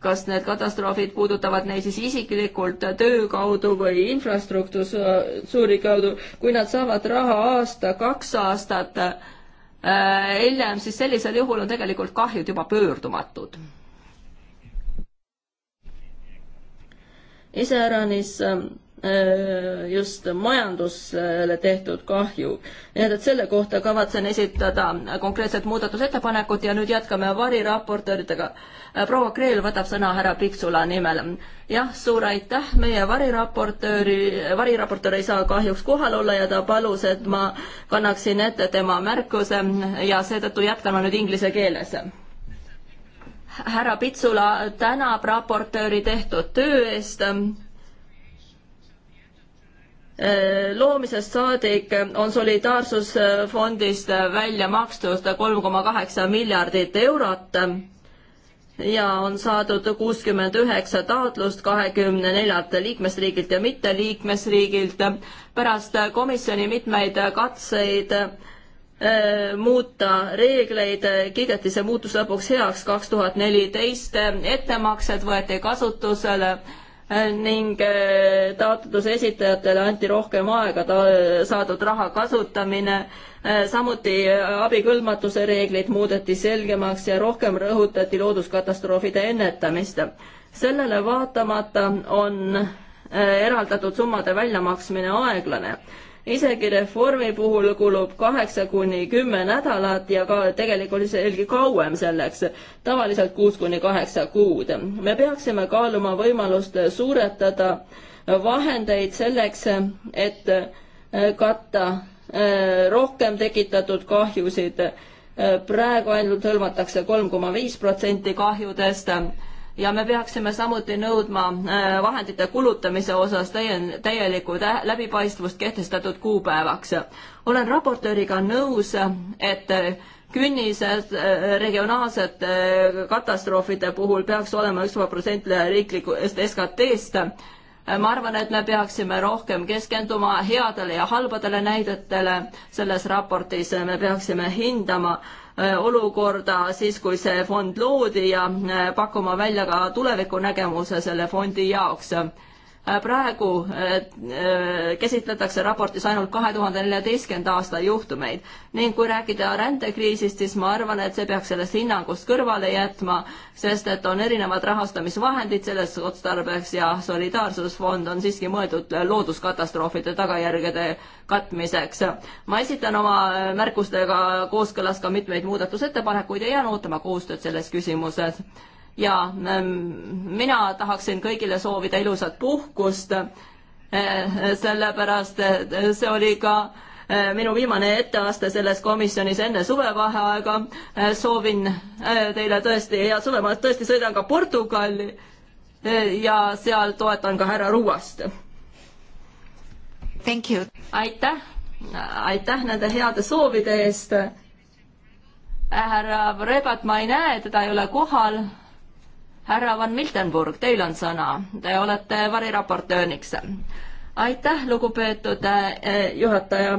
kas need katastroofid puudutavad neid siis isiklikult töö kaudu või infrastruktuuri kaudu, kui nad saavad raha aasta, kaks aastat äh, Äh, hiljem, siis sellisel juhul on tegelikult kahjud juba pöördumatud. iseäranis ähm, Äh, just majandusele tehtud kahju. nii et, et selle kohta kavatsen esitada konkreetsed muudatusettepanekud ja nüüd jätkame variraportööridega. Äh, proua Kreel võtab sõna härra Piksula nimel. jah, suur aitäh, meie variraportööri, variraportöör ei saa kahjuks kohal olla ja ta palus, et ma kannaksin ette tema märkuse ja seetõttu jätkan ma nüüd inglise keeles härra Pitsula tänab raportööri tehtud töö eest Äh, loomisest saadik on Solidaarsusfondist välja makstud kolm koma kaheksa miljardit eurot ja on saadud kuuskümmend üheksa taotlust kahekümne neljalt liikmesriigilt ja mitteliikmesriigilt. pärast komisjoni mitmeid katseid äh, muuta reegleid, kiideti see muutus lõpuks heaks kaks tuhat neliteist, ettemaksed võeti kasutusele ning äh, taotluse esitajatele anti rohkem aega saadud raha kasutamine. Äh, samuti äh, abikõlbmatuse reeglid muudeti selgemaks ja rohkem rõhutati looduskatastroofide ennetamist. sellele vaatamata on eraldatud summade väljamaksmine aeglane isegi reformi puhul kulub kaheksa kuni kümme nädalat ja ka tegelikult isegi kauem selleks, tavaliselt kuus kuni kaheksa kuud. me peaksime kaaluma võimalust suuretada vahendeid selleks, et äh, katta äh, rohkem tekitatud kahjusid äh, praegu ainult hõlmatakse kolm koma viis protsenti kahjudest ja me peaksime samuti nõudma äh, vahendite kulutamise osas täie, täielikku tä läbipaistvust kehtestatud kuupäevaks. olen raportööriga nõus, et künnised äh, regionaalsete äh, katastroofide puhul peaks olema üks protsent riiklikust SKT-st. ma arvan, et me peaksime rohkem keskenduma headele ja halbadele näidetele selles raportis, me peaksime hindama äh, Äh, olukorda siis, kui see fond loodi ja äh, pakkuma välja ka tulevikunägemuse selle fondi jaoks praegu äh, äh, käsitletakse raportis ainult kahe tuhande neljateistkümnenda aasta juhtumeid ning kui rääkida rändekriisist, siis ma arvan, et see peaks sellest hinnangust kõrvale jätma, sest et on erinevad rahastamisvahendid selles otstarbeks ja solidaarsusfond on siiski mõeldud looduskatastroofide tagajärgede katmiseks. ma esitan oma äh, märkustega kooskõlas ka mitmeid muudatusettepanekuid ja jään ootama koostööd selles küsimuses ja ähm, mina tahaksin kõigile soovida ilusat puhkust, äh, sellepärast see oli ka äh, minu viimane etteaste selles komisjonis enne suvevaheaega. Äh, soovin teile tõesti head suve, ma tõesti sõidan ka Portugali ja seal toetan ka härra Ruuast. aitäh, aitäh nende heade soovide eest. härra Rebat, ma ei näe, teda ei ole kohal härra Van Miltenburg, teil on sõna, te olete variraportööriks. aitäh, lugupeetud äh, juhataja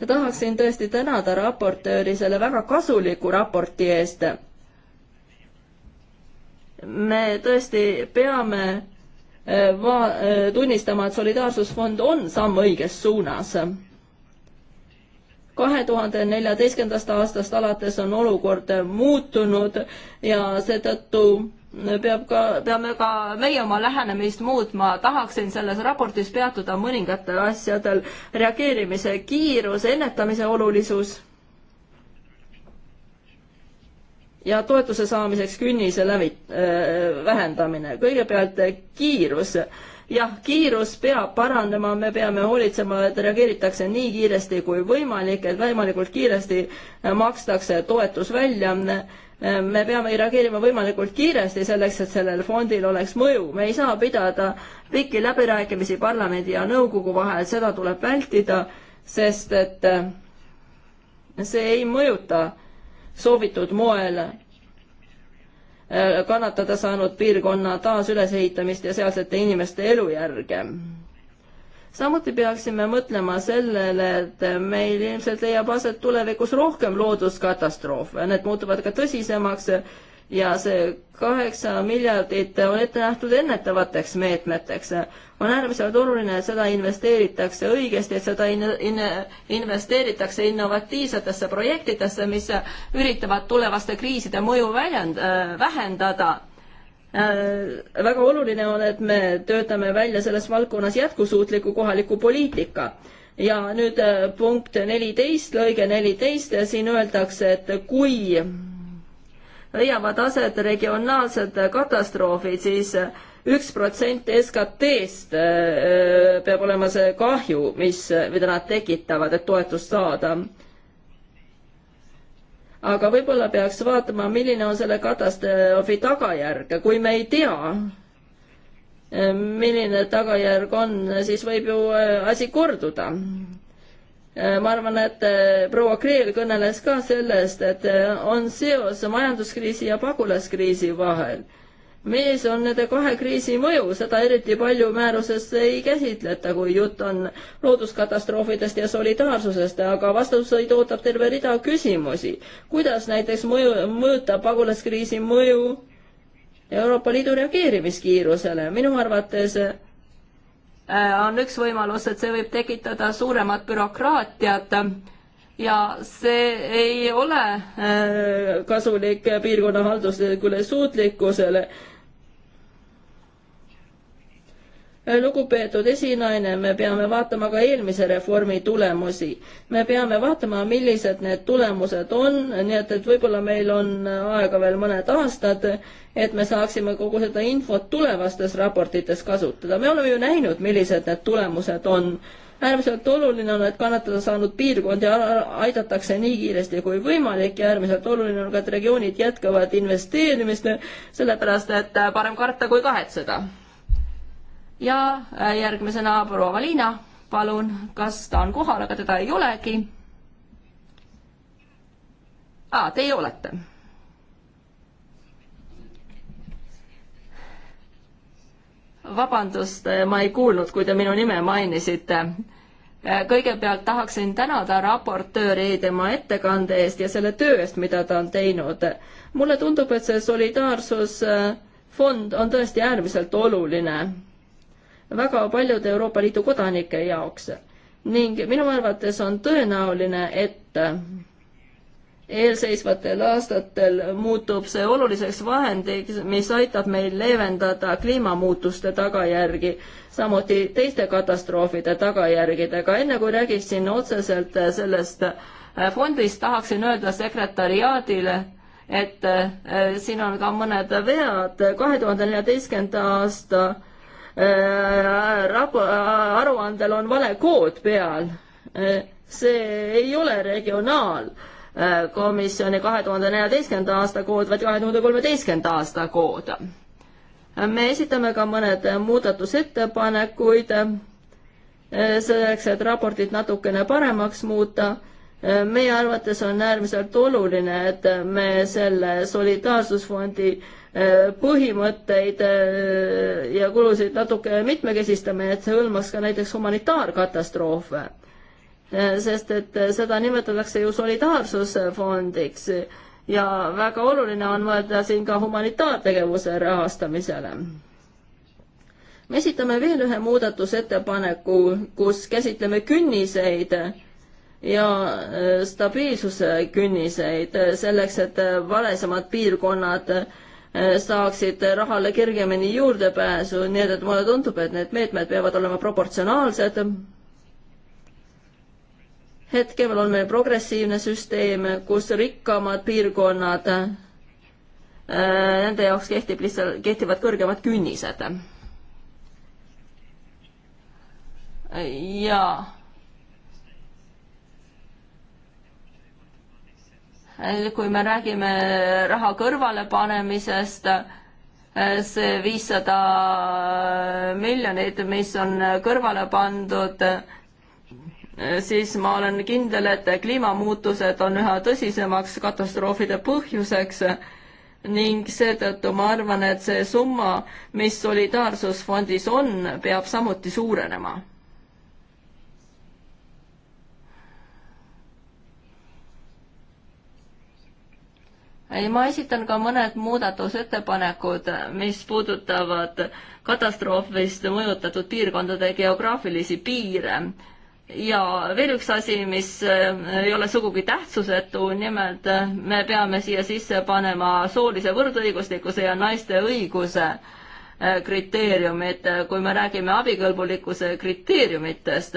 ja tahaksin tõesti tänada raportööri selle väga kasuliku raporti eest. me tõesti peame äh, va-, äh, tunnistama, et Solidaarsusfond on samm õiges suunas. kahe tuhande neljateistkümnendast aastast alates on olukord muutunud ja seetõttu peab ka, peame ka meie oma lähenemist muutma, tahaksin selles raportis peatuda mõningatel asjadel, reageerimise kiirus, ennetamise olulisus ja toetuse saamiseks künnise lävi- äh,, vähendamine, kõigepealt kiirus jah, kiirus peab paranema, me peame hoolitsema, et reageeritakse nii kiiresti kui võimalik, et võimalikult kiiresti makstakse toetus välja me peame reageerima võimalikult kiiresti selleks, et sellel fondil oleks mõju. me ei saa pidada pikki läbirääkimisi parlamendi ja nõukogu vahel, seda tuleb vältida, sest et eh, see ei mõjuta soovitud moel eh, kannatada saanud piirkonna taasülesehitamist ja sealsete inimeste elujärge samuti peaksime mõtlema sellele, et meil ilmselt leiab aset tulevikus rohkem looduskatastroofe, need muutuvad ka tõsisemaks ja see kaheksa miljardit on ette nähtud ennetavateks meetmeteks. on äärmiselt oluline, et seda investeeritakse õigesti, et seda in-, in-, investeeritakse innovatiivsetesse projektidesse, mis üritavad tulevaste kriiside mõju väljend-, äh, vähendada Äh, väga oluline on, et me töötame välja selles valdkonnas jätkusuutliku kohaliku poliitika ja nüüd äh, punkt neliteist, lõige neliteist, siin öeldakse, et kui leiavad aset regionaalsed katastroofid siis, siis üks protsent SKT-st äh, peab olema see kahju, mis, mida nad tekitavad, et toetust saada aga võib-olla peaks vaatama, milline on selle katastroofi tagajärg, kui me ei tea, eh, milline tagajärg on, siis võib ju eh, asi korduda. Eh, ma arvan, et proua Kreel kõneles ka sellest, et on seos majanduskriisi ja pagulaskriisi vahel mis on nende kahe kriisi mõju, seda eriti palju määruses ei käsitleta, kui jutt on looduskatastroofidest ja solidaarsusest, aga vastuseid ootab terve rida küsimusi. kuidas näiteks mõju, mõjutab pagulaskriisi mõju Euroopa Liidu reageerimiskiirusele, minu arvates äh, on üks võimalus, et see võib tekitada suuremat bürokraatiat ja see ei ole äh, kasulik piirkonna halduslikule suutlikkusele lugupeetud esinaine, me peame vaatama ka eelmise reformi tulemusi. me peame vaatama, millised need tulemused on, nii et, et võib-olla meil on aega veel mõned aastad, et me saaksime kogu seda infot tulevastes raportites kasutada. me oleme ju näinud, millised need tulemused on. äärmiselt oluline on, et kannatada saanud piirkondi aidatakse nii kiiresti kui võimalik ja äärmiselt oluline on ka, et regioonid jätkavad investeerimist, sellepärast et parem karta kui kahetseda ja äh, järgmisena proua Valina, palun, kas ta on kohal, aga teda ei olegi. aa, teie olete. vabandust, äh, ma ei kuulnud, kui te minu nime mainisite. Äh, kõigepealt tahaksin tänada raportööri tema ettekande eest ja selle töö eest, mida ta on teinud. mulle tundub, et see solidaarsusfond on tõesti äärmiselt oluline väga paljude Euroopa Liidu kodanike jaoks ning minu arvates on tõenäoline, et eelseisvatel aastatel muutub see oluliseks vahendiks, mis aitab meil leevendada kliimamuutuste tagajärgi, samuti teiste katastroofide tagajärgedega. enne kui räägiksin otseselt sellest fondist, tahaksin öelda sekretariaadile, et äh, siin on ka mõned vead. kahe tuhande neljateistkümnenda aasta Äh, äh, aruandel on vale kood peal. Äh, see ei ole regionaalkomisjoni kahe tuhande neljateistkümnenda aasta kood, vaid kahe tuhande kolmeteistkümnenda aasta kood. me esitame ka mõned muudatusettepanekuid selleks, et raportit natukene paremaks muuta meie arvates on äärmiselt oluline, et me selle solidaarsusfondi äh, põhimõtteid äh, ja kulusid natuke mitmekesistame, et see hõlmaks ka näiteks humanitaarkatastroofe. Äh, sest et seda nimetatakse ju solidaarsusfondiks ja väga oluline on mõelda siin ka humanitaartegevuse rahastamisele me esitame veel ühe muudatusettepaneku, kus käsitleme künniseid ja äh, stabiilsuse künniseid selleks, et valesemad piirkonnad saaksid rahale kergemini juurdepääsu, nii et, et mulle tundub, et need meetmed peavad olema proportsionaalsed. hetkel on meil progressiivne süsteem, kus rikkamad piirkonnad, äh, nende jaoks kehtib lihtsalt, kehtivad kõrgemad künnised. jaa Äh, kui me räägime raha kõrvalepanemisest, äh, see viissada äh, miljonit, mis on kõrvale pandud, siis ma olen kindel, et kliimamuutused on üha tõsisemaks katastroofide põhjuseks ning seetõttu ma arvan, et see summa, mis Solidaarsusfondis on, peab samuti suurenema ei, ma esitan ka mõned muudatusettepanekud, mis puudutavad katastroofist mõjutatud piirkondade geograafilisi piire. ja veel üks asi, mis äh, ei ole sugugi tähtsusetu, nimelt äh, me peame siia sisse panema soolise võrdõiguslikkuse ja naiste õiguse äh, kriteeriumid, kui me räägime abikõlbulikkuse kriteeriumitest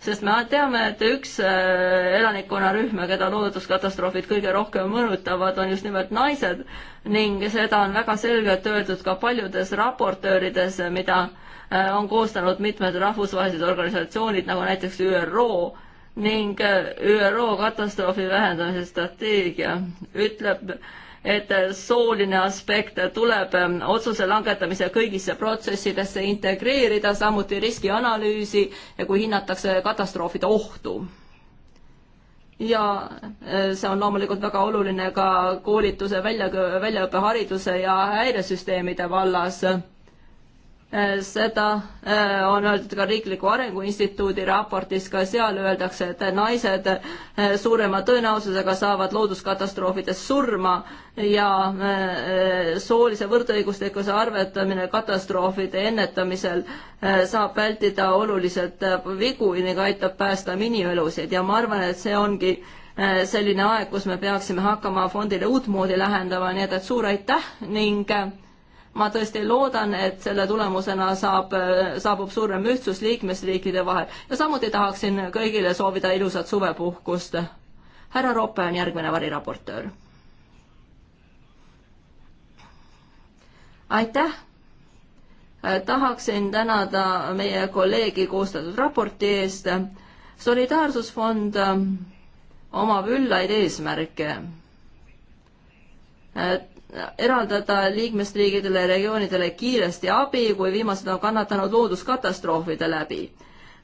sest me teame, et üks äh, elanikkonnarühm, keda looduskatastroofid kõige rohkem mõjutavad, on just nimelt naised ning seda on väga selgelt öeldud ka paljudes raportöörides, mida äh, on koostanud mitmed rahvusvahelised organisatsioonid, nagu näiteks ÜRO ning äh, ÜRO katastroofi vähendamise strateegia ütleb, et sooline aspekt tuleb ähm, otsuse langetamise kõigisse protsessidesse integreerida, samuti riskianalüüsi, kui hinnatakse katastroofide ohtu. ja äh, see on loomulikult väga oluline ka koolituse välja, väljaõppehariduse ja häiresüsteemide vallas Eh, seda eh, on öeldud ka Riikliku Arengu Instituudi raportis, ka seal öeldakse, et naised eh, suurema tõenäosusega saavad looduskatastroofides surma ja soolise võrdõiguslikkuse arvetamine katastroofide ennetamisel saab vältida oluliselt vigu ning aitab päästa inimelusid ja ma arvan, et see ongi selline aeg, kus me peaksime hakkama fondile uutmoodi lähendama, nii et, et suur aitäh ning ma tõesti loodan, et selle tulemusena saab, saabub suurem ühtsus liikmesriikide vahel ja samuti tahaksin kõigile soovida ilusat suvepuhkust. härra Roppe on järgmine variraportöör. aitäh! tahaksin tänada meie kolleegi koostatud raporti eest. solidaarsusfond omab üllaid eesmärke eraldada liikmesriigidele ja regioonidele kiiresti abi, kui viimased on kannatanud looduskatastroofide läbi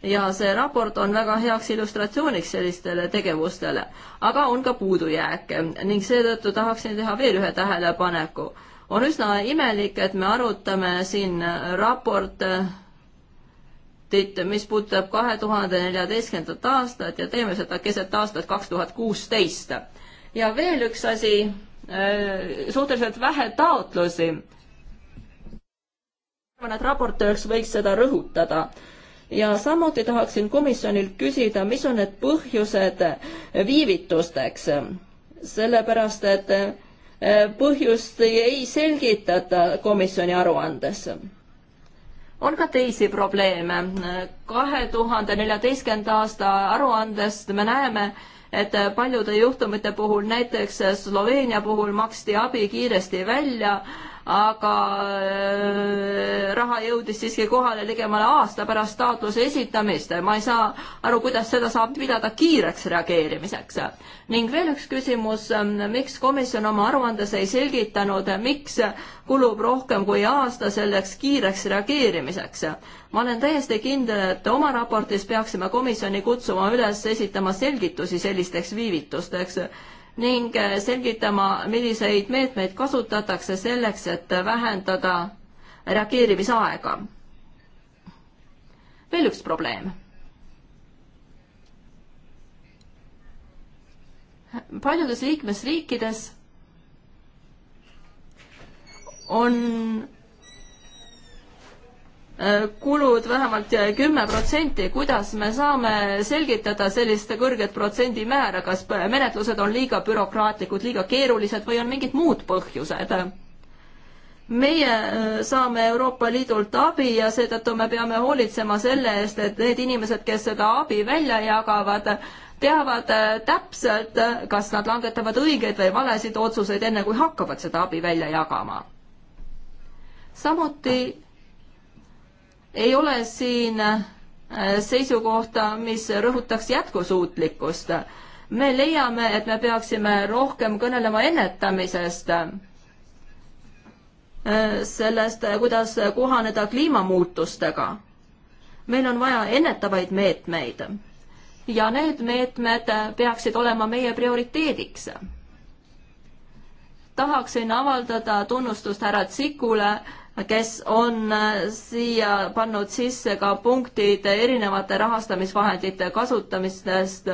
ja see raport on väga heaks illustratsiooniks sellistele tegevustele, aga on ka puudujääke ning seetõttu tahaksin teha veel ühe tähelepaneku. on üsna imelik, et me arutame siin raportit, mis puudutab kahe tuhande neljateistkümnendat aastat ja teeme seda keset aastat kaks tuhat kuusteist. ja veel üks asi Äh, suhteliselt vähe taotlusi. arvan, et raportööriks võiks seda rõhutada ja samuti tahaksin komisjonilt küsida, mis on need põhjused viivitusteks, sellepärast et äh, põhjust ei selgitata komisjoni aruandes. on ka teisi probleeme. kahe tuhande neljateistkümnenda aasta aruandest me näeme, et paljude juhtumite puhul, näiteks Sloveenia puhul maksti abi kiiresti välja, aga äh, raha jõudis siiski kohale ligemale aasta pärast taotluse esitamist. ma ei saa aru, kuidas seda saab pidada kiireks reageerimiseks. ning veel üks küsimus, ähm, miks komisjon oma aruandes ei selgitanud, miks kulub rohkem kui aasta selleks kiireks reageerimiseks? ma olen täiesti kindel, et oma raportis peaksime komisjoni kutsuma üles esitama selgitusi sellisteks viivitusteks ning äh, selgitama, milliseid meetmeid kasutatakse selleks, et vähendada reageerimisaega. veel üks probleem. paljudes liikmesriikides on Äh, kulud vähemalt äh, kümme protsenti, kuidas me saame selgitada sellist kõrget protsendimäära, kas menetlused on liiga bürokraatlikud, liiga keerulised või on mingid muud põhjused? meie äh, saame Euroopa Liidult abi ja seetõttu me peame hoolitsema selle eest, et need inimesed, kes seda abi välja jagavad, teavad täpselt, kas nad langetavad õigeid või valesid otsuseid, enne kui hakkavad seda abi välja jagama. samuti ei ole siin äh, seisukohta, mis rõhutaks jätkusuutlikkust. me leiame, et me peaksime rohkem kõnelema ennetamisest, äh, sellest, äh, kuidas kohaneda kliimamuutustega. meil on vaja ennetavaid meetmeid ja need meetmed peaksid olema meie prioriteediks. tahaksin avaldada tunnustust härra Tsikule kes on äh, siia pannud sisse ka punktid erinevate rahastamisvahendite kasutamistest,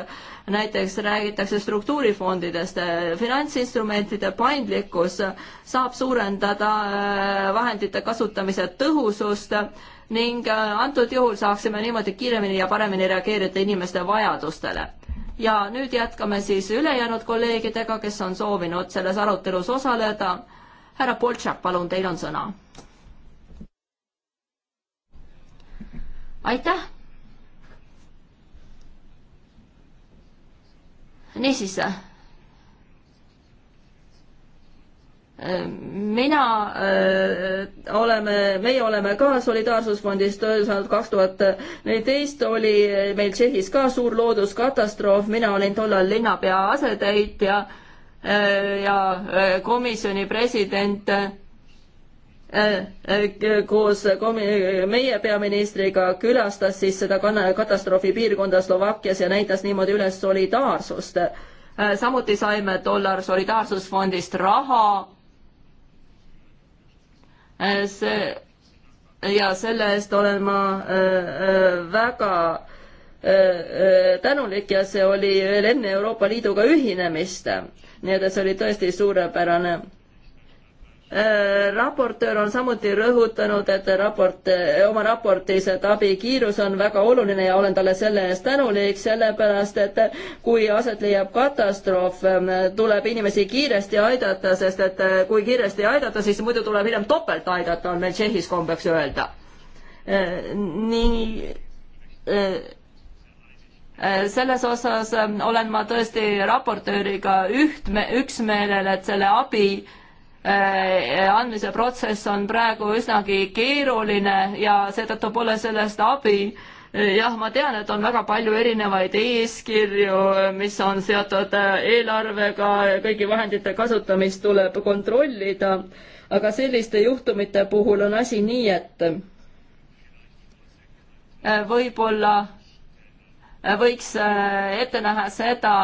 näiteks räägitakse struktuurifondidest, äh, finantsinstrumentide paindlikkus saab suurendada äh, vahendite kasutamise tõhusust ning antud juhul saaksime niimoodi kiiremini ja paremini reageerida inimeste vajadustele ja nüüd jätkame siis ülejäänud kolleegidega, kes on soovinud selles arutelus osaleda. härra Boltšak, palun, teil on sõna aitäh. niisiis. Äh, mina öö, äh, oleme, meie oleme ka Solidaarsusfondis tööl saanud, kaks tuhat neliteist oli meil Tšehhis ka suur looduskatastroof, mina olin tollal linnapea asetäitja äh, ja komisjoni president Äh, äh, koos komi-, meie peaministriga külastas siis seda katastroofipiirkonda Slovakkias ja näitas niimoodi üles solidaarsust. Äh, samuti saime dollar solidaarsusfondist raha. see ja selle eest olen ma väga tänulik ja see oli veel enne Euroopa Liiduga ühinemist. nii et, et see oli tõesti suurepärane Äh, raportöör on samuti rõhutanud, et raport, äh, oma raportis, et abi kiirus on väga oluline ja olen talle selle eest tänulik, sellepärast et kui aset leiab katastroof, ähm, tuleb inimesi kiiresti aidata, sest et äh, kui kiiresti aidata, siis muidu tuleb hiljem topelt aidata, on meil Tšehhis kombeks öelda. nii selles osas ähm, olen ma tõesti raportööriga ühtme, üksmeelel, et selle abi Äh, andmise protsess on praegu üsnagi keeruline ja seetõttu pole sellest abi. Äh, jah, ma tean, et on väga palju erinevaid eeskirju, mis on seotud äh, eelarvega, kõigi vahendite kasutamist tuleb kontrollida, aga selliste juhtumite puhul on asi nii, et võib-olla võiks ette näha seda,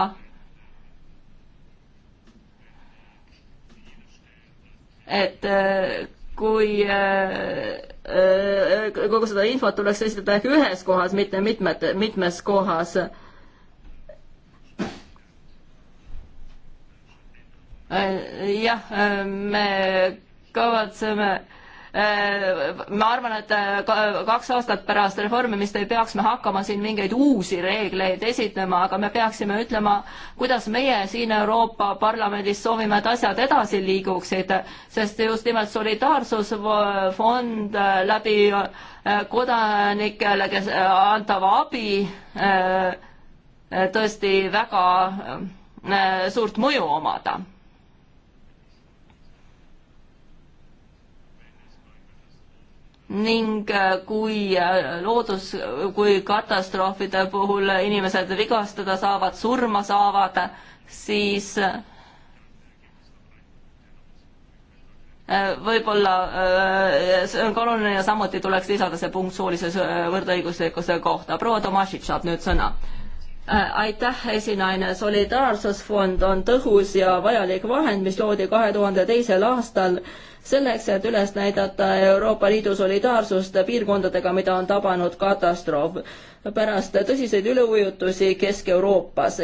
et äh, kui äh, äh, kogu seda infot tuleks esitada ehk ühes kohas, mitte mitmed, mitmes kohas. jah, me kavatseme Äh, ma arvan, et äh, kaks aastat pärast reformimist ei peaks me hakkama siin mingeid uusi reegleid esitlema, aga me peaksime ütlema, kuidas meie siin Euroopa Parlamendis soovime, et asjad edasi liiguksid, sest just nimelt solidaarsusfond äh, läbi kodanikele, kes antava abi tõesti väga suurt mõju omada ning äh, kui äh, loodus, kui katastroofide puhul inimesed vigastada saavad, surma saavad, siis äh, võib-olla see on ka oluline ja samuti tuleks lisada see punkt soolise võrdõiguslikkuse kohta. proua Tomašitš saab nüüd sõna. aitäh, esinaine. solidaarsusfond on tõhus ja vajalik vahend, mis loodi kahe tuhande teisel aastal selleks, et üles näidata Euroopa Liidu solidaarsust piirkondadega, mida on tabanud katastroof pärast tõsiseid üleujutusi Kesk-Euroopas.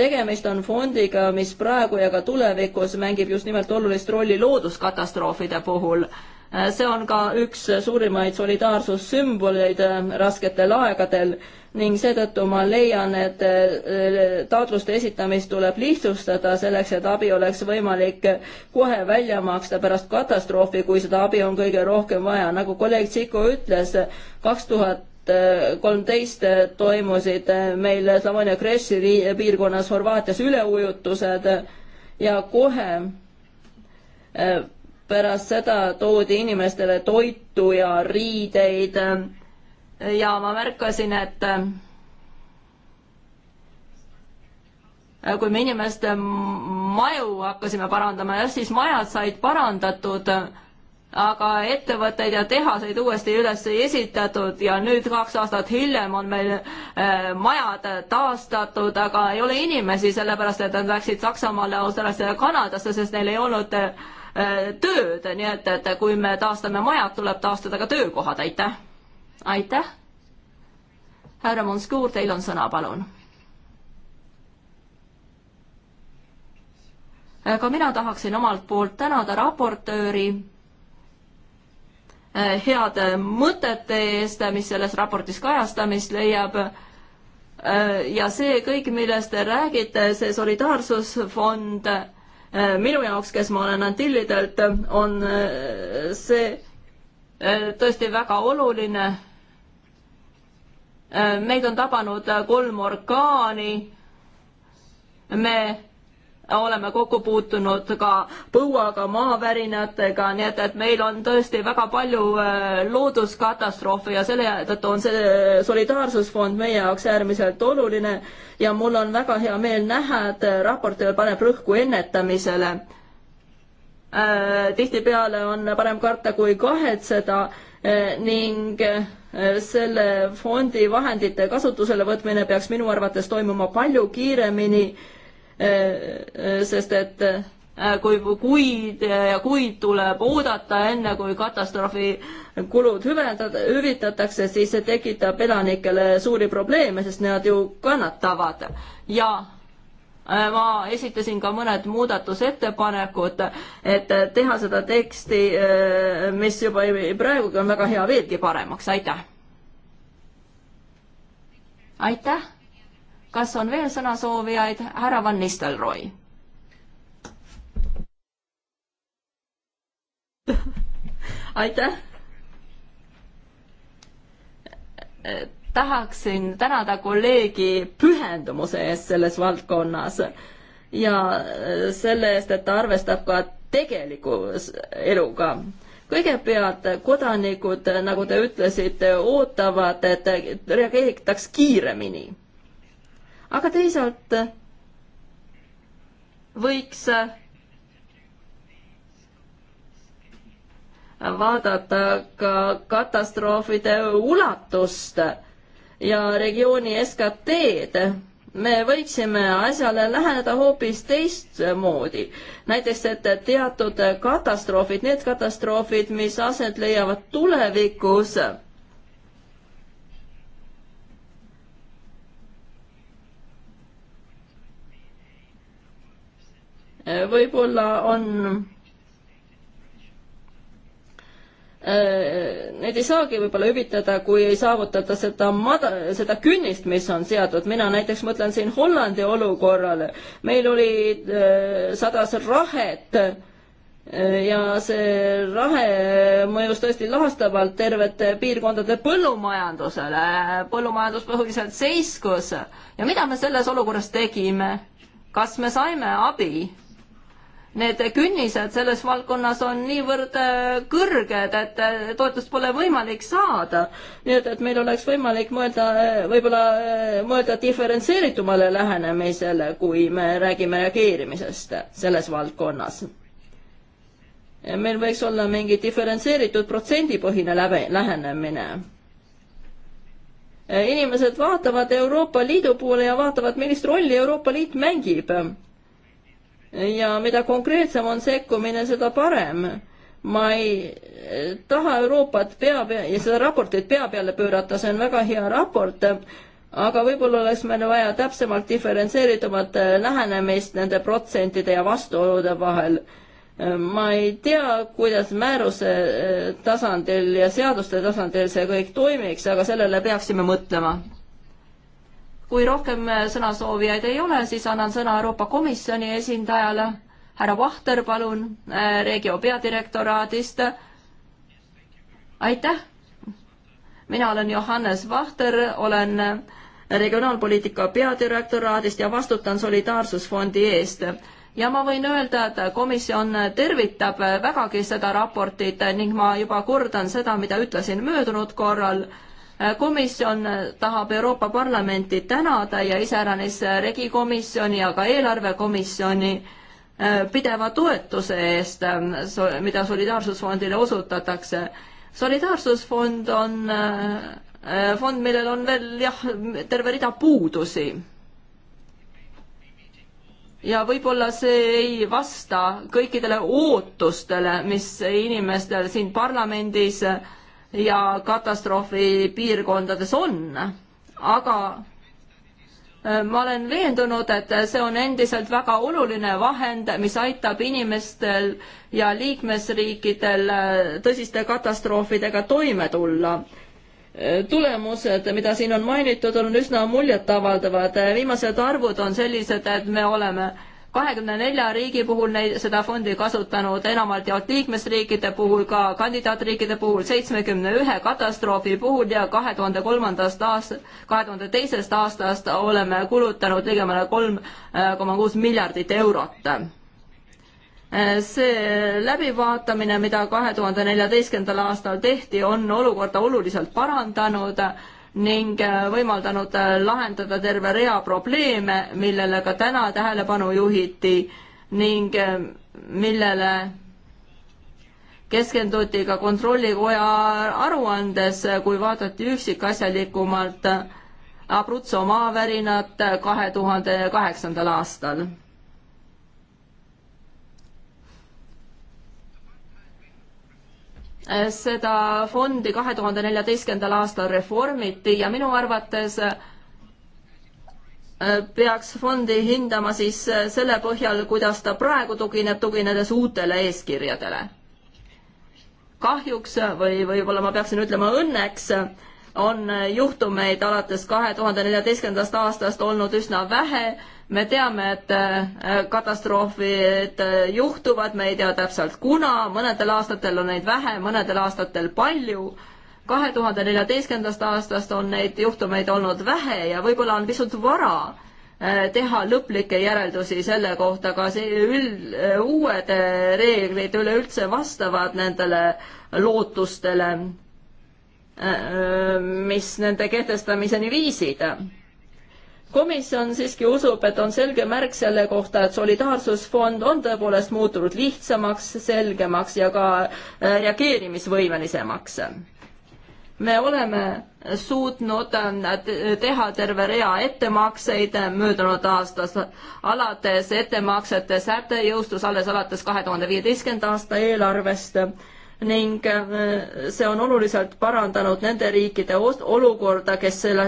tegemist on fondiga, mis praegu ja ka tulevikus mängib just nimelt olulist rolli looduskatastroofide puhul Äh, see on ka üks suurimaid solidaarsussümboleid äh, rasketel aegadel ning seetõttu ma leian, et äh, taotluste esitamist tuleb lihtsustada selleks, et abi oleks võimalik kohe välja maksta pärast katastroofi, kui seda abi on kõige rohkem vaja. nagu kolleeg Tsiko ütles, kaks tuhat kolmteist toimusid meil Slavonia Kreši piirkonnas Horvaatias üleujutused ja kohe pärast seda toodi inimestele toitu ja riideid ja ma märkasin, et kui me inimeste maju hakkasime parandama, jah, siis majad said parandatud, aga ettevõtteid ja tehaseid uuesti üles ei esitatud ja nüüd kaks aastat hiljem on meil eh, majad taastatud, aga ei ole inimesi, sellepärast et nad läksid Saksamaale, Austraaliasse ja Kanadasse, sest neil ei olnud eh, Äh, tööd, nii et, et kui me taastame majad, tuleb taastada ka töökohad, aitäh. aitäh. härra Monskuur, teil on sõna, palun. ka mina tahaksin omalt poolt tänada raportööri äh, heade mõtete eest, mis selles raportis kajastamist leiab äh, ja see kõik, millest te räägite, see solidaarsusfond Äh, minu jaoks, kes ma olen Antillidelt, on äh, see äh, tõesti väga oluline. meid on tabanud kolm orkaani. me oleme kokku puutunud ka põuaga, maavärinatega, nii et, et meil on tõesti väga palju äh, looduskatastroofe ja selle tõttu on see solidaarsusfond meie jaoks äärmiselt oluline ja mul on väga hea meel näha, et raportöör paneb rõhku ennetamisele. Äh, tihtipeale on parem karta kui kahetseda äh, ning selle fondi vahendite kasutusele võtmine peaks minu arvates toimuma palju kiiremini Äh, äh, sest et äh, kui kuid ja kuid tuleb oodata, enne kui katastroofi kulud hüvedada, hüvitatakse, siis see tekitab elanikele suuri probleeme, sest nad ju kannatavad. ja ma esitasin ka mõned muudatusettepanekud, et teha seda teksti, mis juba praegugi on väga hea, veelgi paremaks, aitäh! aitäh! kas on veel sõnasoovijaid? härra Van Nistelrooy. aitäh. tahaksin tänada kolleegi pühendumuse eest selles valdkonnas ja selle eest, et ta arvestab ka tegeliku eluga kõigepealt kodanikud, nagu te ütlesite, ootavad, et reageeritaks kiiremini aga teisalt võiks äh, vaadata ka katastroofide ulatust ja regiooni SKT-d me võiksime asjale läheneda hoopis teistmoodi. näiteks, et teatud katastroofid, need katastroofid, mis aset leiavad tulevikus äh,, võib-olla on äh, Need ei saagi võib-olla hüvitada, kui ei saavutata seda mada-, seda künnist, mis on seatud, mina näiteks mõtlen siin Hollandi olukorrale, meil oli äh, sadas rahet äh, ja see rahe mõjus tõesti lahastavalt tervete piirkondade põllumajandusele, põllumajandus põhiliselt seiskus ja mida me selles olukorras tegime? kas me saime abi? need künnised selles valdkonnas on niivõrd äh, kõrged, et äh, toetust pole võimalik saada. nii et, et meil oleks võimalik mõelda, äh, võib-olla mõelda diferentseeritumale lähenemisele, kui me räägime reageerimisest selles valdkonnas. meil võiks olla mingi diferentseeritud protsendipõhine läbe, lähenemine inimesed vaatavad Euroopa Liidu poole ja vaatavad, millist rolli Euroopa Liit mängib ja mida konkreetsem on sekkumine, seda parem. ma ei eh, taha Euroopat pea pea ja seda raportit pea peale pöörata, see on väga hea raport, aga võib-olla oleks meil vaja täpsemalt diferentseeritumat eh, lähenemist nende protsentide ja vastuolude vahel eh, ma ei tea, kuidas määruse tasandil ja seaduste tasandil see kõik toimiks, aga sellele peaksime mõtlema kui rohkem äh, sõnasoovijaid ei ole, siis annan sõna Euroopa Komisjoni esindajale, härra Vahter, palun, äh, Regio peadirektoraadist. aitäh. mina olen Johannes Vahter, olen äh, regionaalpoliitika peadirektoraadist ja vastutan Solidaarsusfondi eest ja ma võin öelda, et komisjon tervitab vägagi seda raportit ning ma juba kordan seda, mida ütlesin möödunud korral komisjon tahab Euroopa Parlamenti tänada ja iseäranis regikomisjoni ja ka eelarvekomisjoni äh, pideva toetuse eest, mida Solidaarsusfondile osutatakse. solidaarsusfond on äh, fond, millel on veel jah, terve rida puudusi ja võib-olla see ei vasta kõikidele ootustele, mis inimestel siin parlamendis äh, ja katastroofipiirkondades on, aga äh, ma olen veendunud, et see on endiselt väga oluline vahend, mis aitab inimestel ja liikmesriikidel äh, tõsiste katastroofidega toime tulla. Äh, tulemused, mida siin on mainitud, on üsna muljetavaldavad. viimased arvud on sellised, et me oleme kahekümne nelja riigi puhul neid, seda fondi kasutanud enamalt jaolt liikmesriikide puhul, ka kandidaatriikide puhul seitsmekümne ühe katastroofi puhul ja kahe tuhande kolmandast aast-, kahe tuhande teisest aastast oleme kulutanud ligemale kolm koma kuus miljardit eurot see läbivaatamine, mida kahe tuhande neljateistkümnendal aastal tehti, on olukorda oluliselt parandanud ning äh, võimaldanud äh, lahendada terve rea probleeme, millele ka täna tähelepanu juhiti ning äh, millele keskenduti ka Kontrollikoja aruandes, kui vaadati üksikasjalikumalt Abruzzo maavärinat kahe tuhande kaheksandal aastal seda fondi kahe tuhande neljateistkümnendal aastal reformiti ja minu arvates äh, peaks fondi hindama siis äh, selle põhjal, kuidas ta praegu tugineb, tuginedes uutele eeskirjadele. kahjuks või võib-olla ma peaksin ütlema õnneks on juhtumeid alates kahe tuhande neljateistkümnendast aastast olnud üsna vähe. me teame, et äh, katastroofid äh, juhtuvad, me ei tea täpselt kuna, mõnedel aastatel on neid vähe, mõnedel aastatel palju. kahe tuhande neljateistkümnendast aastast on neid juhtumeid olnud vähe ja võib-olla on pisut vara äh, teha lõplikke järeldusi selle kohta, kas üld, uued reeglid üleüldse vastavad nendele lootustele Äh, mis nende kehtestamiseni viisid. komisjon siiski usub, et on selge märk selle kohta, et solidaarsusfond on tõepoolest muutunud lihtsamaks, selgemaks ja ka äh, reageerimisvõimelisemaks me oleme suutnud äh, teha terve rea ettemakseid möödunud aastas, alates ettemaksete säte jõustus alles alates kahe tuhande viieteistkümnenda aasta eelarvest ning äh, see on oluliselt parandanud nende riikide olukorda, kes selle,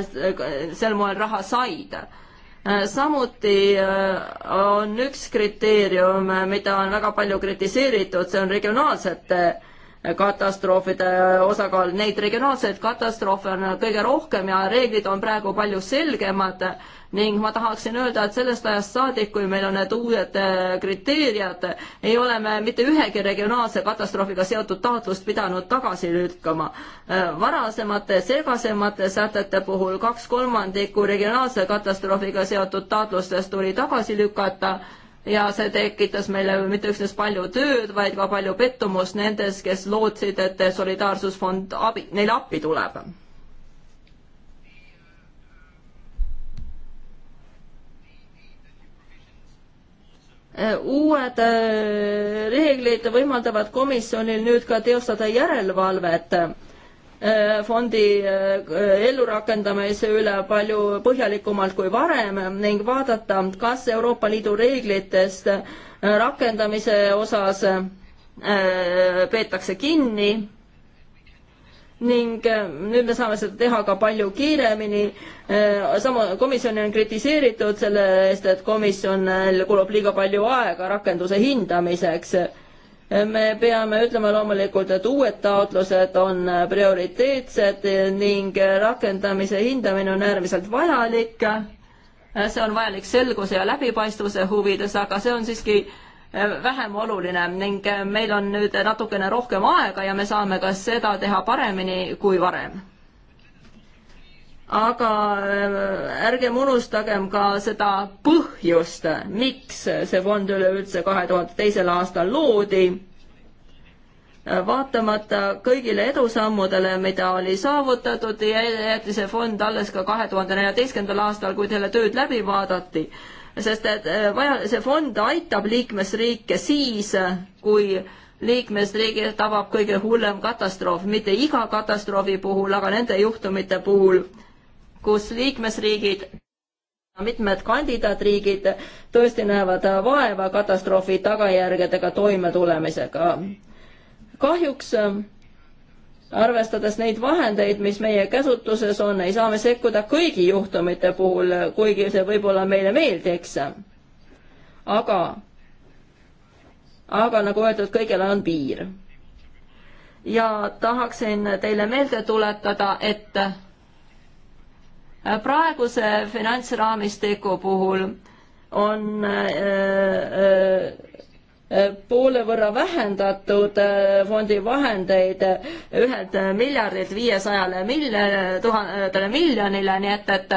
sel moel raha said. Äh, samuti äh, on üks kriteerium, mida on väga palju kritiseeritud, see on regionaalsete katastroofide osakaal, neid regionaalseid katastroofe on kõige rohkem ja reeglid on praegu palju selgemad ning ma tahaksin öelda, et sellest ajast saadik, kui meil on need uued äh, kriteeriad, ei ole me mitte ühegi regionaalse katastroofiga seotud taotlust pidanud tagasi lükkama. Äh, varasemate segasemate sätete puhul kaks kolmandikku regionaalse katastroofiga seotud taotlustest tuli tagasi lükata ja see tekitas meile mitte üksnes palju tööd, vaid ka palju pettumust nendes, kes lootsid, et solidaarsusfond abi, neile appi tuleb. uued äh, reeglid võimaldavad komisjonil nüüd ka teostada järelevalvet Äh, fondi äh, ellurakendamise üle palju põhjalikumalt kui varem ning vaadata, kas Euroopa Liidu reeglitest äh, rakendamise osas peetakse kinni ning nüüd me saame seda teha ka palju kiiremini. sama komisjoni on kritiseeritud selle eest, et komisjonil kulub liiga palju aega rakenduse hindamiseks me peame ütlema loomulikult, et uued taotlused on prioriteetsed ning rakendamise hindamine on äärmiselt vajalik. see on vajalik selguse ja läbipaistvuse huvides, aga see on siiski eh, vähem oluline ning eh, meil on nüüd natukene rohkem aega ja me saame ka seda teha paremini kui varem aga äh, ärgem unustagem ka seda põhjust, miks see fond üleüldse kahe tuhande teisel aastal loodi. Äh, vaatamata kõigile edusammudele, mida oli saavutatud, jäeti see fond alles ka kahe tuhande neljateistkümnendal aastal, kui selle tööd läbi vaadati, sest et äh, vaja, see fond aitab liikmesriike siis, kui liikmesriigi tabab kõige hullem katastroof, mitte iga katastroofi puhul, aga nende juhtumite puhul kus liikmesriigid mitmed kandidaatriigid tõesti näevad vaeva katastroofi tagajärgedega toimetulemisega. kahjuks arvestades neid vahendeid, mis meie käsutuses on, ei saa me sekkuda kõigi juhtumite puhul, kuigi see võib-olla meile meeldiks. aga, aga nagu öeldud, kõigele on piir. ja tahaksin teile meelde tuletada, et praeguse finantsraamistiku puhul on äh, äh, äh, poole võrra vähendatud fondi vahendeid ühelt miljardilt viiesajale miljonile, tuhandele miljonile, nii et, et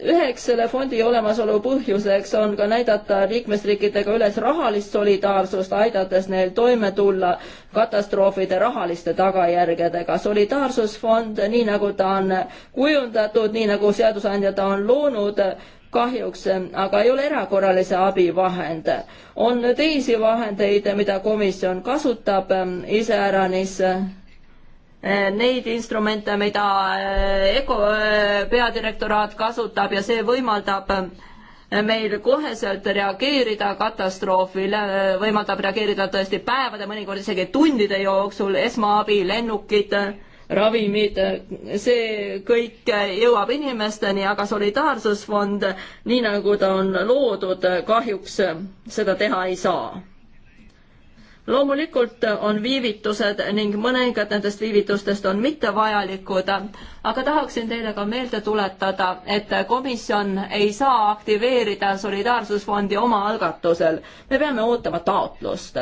üheks selle fondi olemasolu põhjuseks on ka näidata liikmesriikidega üles rahalist solidaarsust, aidates neil toime tulla katastroofide rahaliste tagajärgedega. solidaarsusfond, nii nagu ta on kujundatud, nii nagu seadusandja ta on loonud, kahjuks aga ei ole erakorralise abi vahend. on teisi vahendeid, mida komisjon kasutab iseäranis neid instrumente, mida äh, ECO äh, peadirektoraat kasutab ja see võimaldab äh, meil koheselt reageerida katastroofile, võimaldab reageerida tõesti päevade, mõnikord isegi tundide jooksul, esmaabi, lennukid, ravimid, see kõik jõuab inimesteni, aga Solidaarsusfond, nii nagu ta on loodud, kahjuks seda teha ei saa loomulikult on viivitused ning mõningad nendest viivitustest on mittevajalikud, aga tahaksin teile ka meelde tuletada, et komisjon ei saa aktiveerida Solidaarsusfondi omaalgatusel. me peame ootama taotlust.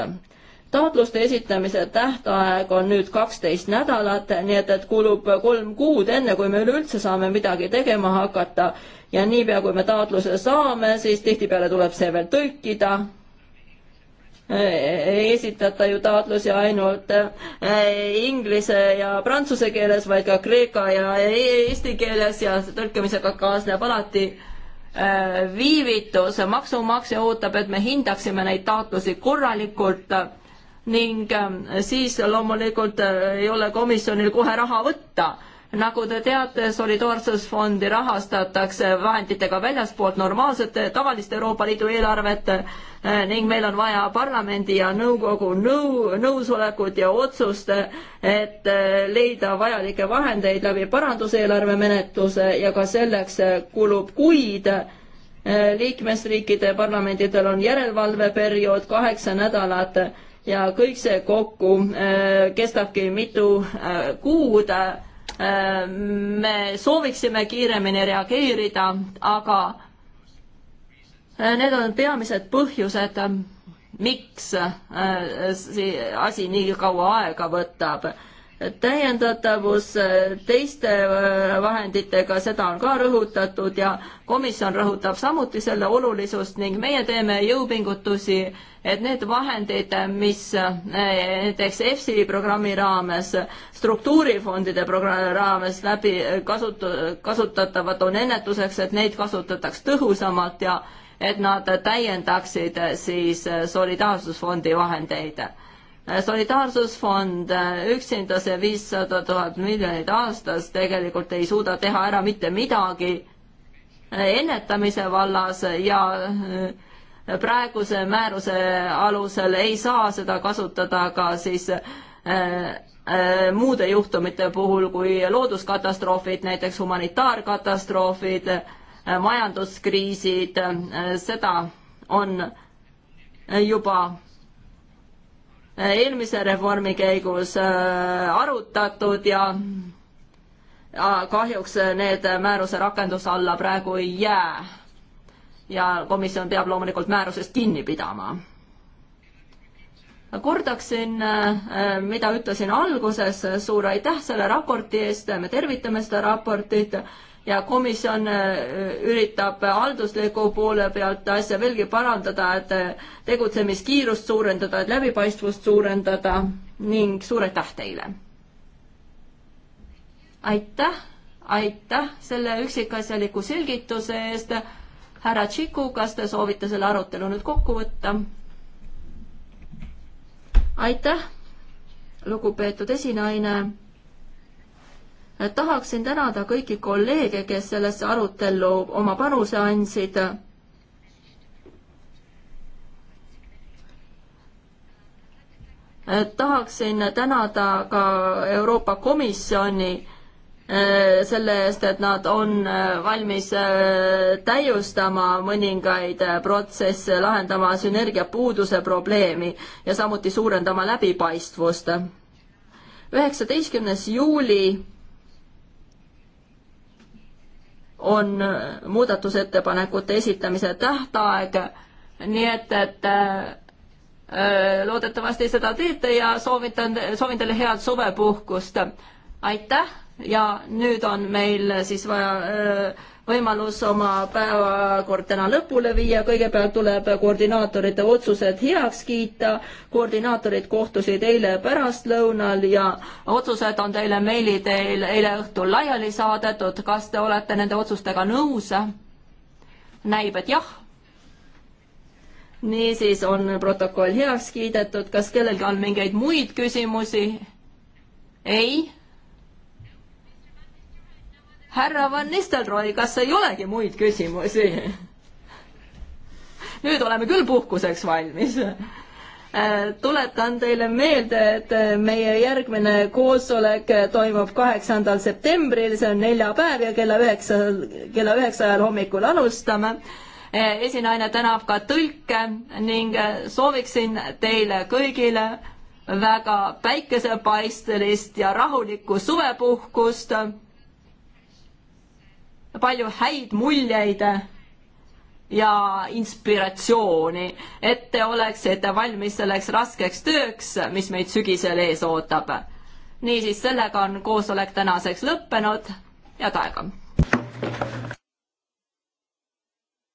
taotluste esitamise tähtaeg on nüüd kaksteist nädalat, nii et, et kulub kolm kuud, enne kui me üleüldse saame midagi tegema hakata ja niipea, kui me taotluse saame, siis tihtipeale tuleb see veel tõlkida ei esitata ju taotlusi ainult äh, inglise ja prantsuse keeles, vaid ka kreeka ja eesti keeles ja tõlkimisega kaasneb alati äh, viivitus, maksumaksja ootab, et me hindaksime neid taotlusi korralikult ning äh, siis loomulikult ei ole komisjonil kohe raha võtta nagu te teate, solidaarsusfondi rahastatakse vahenditega väljaspoolt normaalset tavalist Euroopa Liidu eelarvet Äh, ning meil on vaja parlamendi ja nõukogu nõu, nõusolekut ja otsust, et äh, leida vajalikke vahendeid läbi paranduseelarve menetluse ja ka selleks äh, kulub kuid. liikmesriikide parlamentidel on järelevalveperiood kaheksa nädalat ja kõik see kokku kestabki mitu kuud. me sooviksime kiiremini reageerida, aga Need on peamised põhjused, miks äh, see asi nii kaua aega võtab täiendatavus äh, teiste äh, vahenditega, seda on ka rõhutatud ja komisjon rõhutab samuti selle olulisust ning meie teeme jõupingutusi, et need vahendid, mis näiteks EFSI programmi raames, struktuurifondide programmi raames läbi kasutu-, kasutatavad, on ennetuseks, et neid kasutataks tõhusamalt ja et nad täiendaksid eh, siis eh, solidaarsusfondi vahendeid. Eh, solidaarsusfond üksinda see viissada tuhat miljonit aastas tegelikult ei suuda teha ära mitte midagi ennetamise vallas ja praeguse määruse alusel ei saa seda kasutada ka siis muude juhtumite puhul, kui looduskatastroofid, näiteks humanitaarkatastroofid äh,, Äh, majanduskriisid, äh, seda on äh, juba eelmise reformi käigus arutatud ja kahjuks need määruse rakenduse alla praegu ei jää. ja komisjon peab loomulikult määrusest kinni pidama. kordaksin, mida ütlesin alguses, suur aitäh selle raporti eest, me tervitame seda raportit ja komisjon äh, üritab haldusliku poole pealt asja veelgi parandada, et äh, tegutsemiskiirust suurendada, et läbipaistvust suurendada ning suur aitäh teile! aitäh, aitäh selle üksikasjaliku selgituse eest. härra Tšiku, kas te soovite selle arutelu nüüd kokku võtta? aitäh, lugupeetud esinaine tahaksin tänada kõiki kolleege, kes sellesse arutellu oma panuse andsid. tahaksin tänada ka Euroopa Komisjoni eh, selle eest, et nad on eh, valmis eh, täiustama mõningaid protsesse, lahendama sünergiapuuduse probleemi ja samuti suurendama läbipaistvust. üheksateistkümnes juuli on muudatusettepanekute esitamise tähtaeg, nii et, et äh, loodetavasti seda teete ja soovitan, soovin teile head suvepuhkust. aitäh ja nüüd on meil siis vaja öö, äh, võimalus oma päevakord täna lõpule viia, kõigepealt tuleb koordinaatorite otsused heaks kiita, koordinaatorid kohtusid eile pärastlõunal ja otsused on teile meili teel eile õhtul laiali saadetud, kas te olete nende otsustega nõus? näib, et jah. niisiis on protokoll heaks kiidetud, kas kellelgi on mingeid muid küsimusi? ei härra Van Nistelrooy, kas ei olegi muid küsimusi? nüüd oleme küll puhkuseks valmis äh, tuletan teile meelde, et meie järgmine koosolek toimub kaheksandal septembril, see on neljapäev ja kella üheksa, kella üheksa ajal hommikul alustame. Äh, esinaine tänab ka tõlke ning äh, sooviksin teile kõigile väga päikesepaistelist ja rahulikku suvepuhkust palju häid muljeid ja inspiratsiooni, et te oleksite valmis selleks raskeks tööks, mis meid sügisel ees ootab. niisiis, sellega on koosolek tänaseks lõppenud, head aega!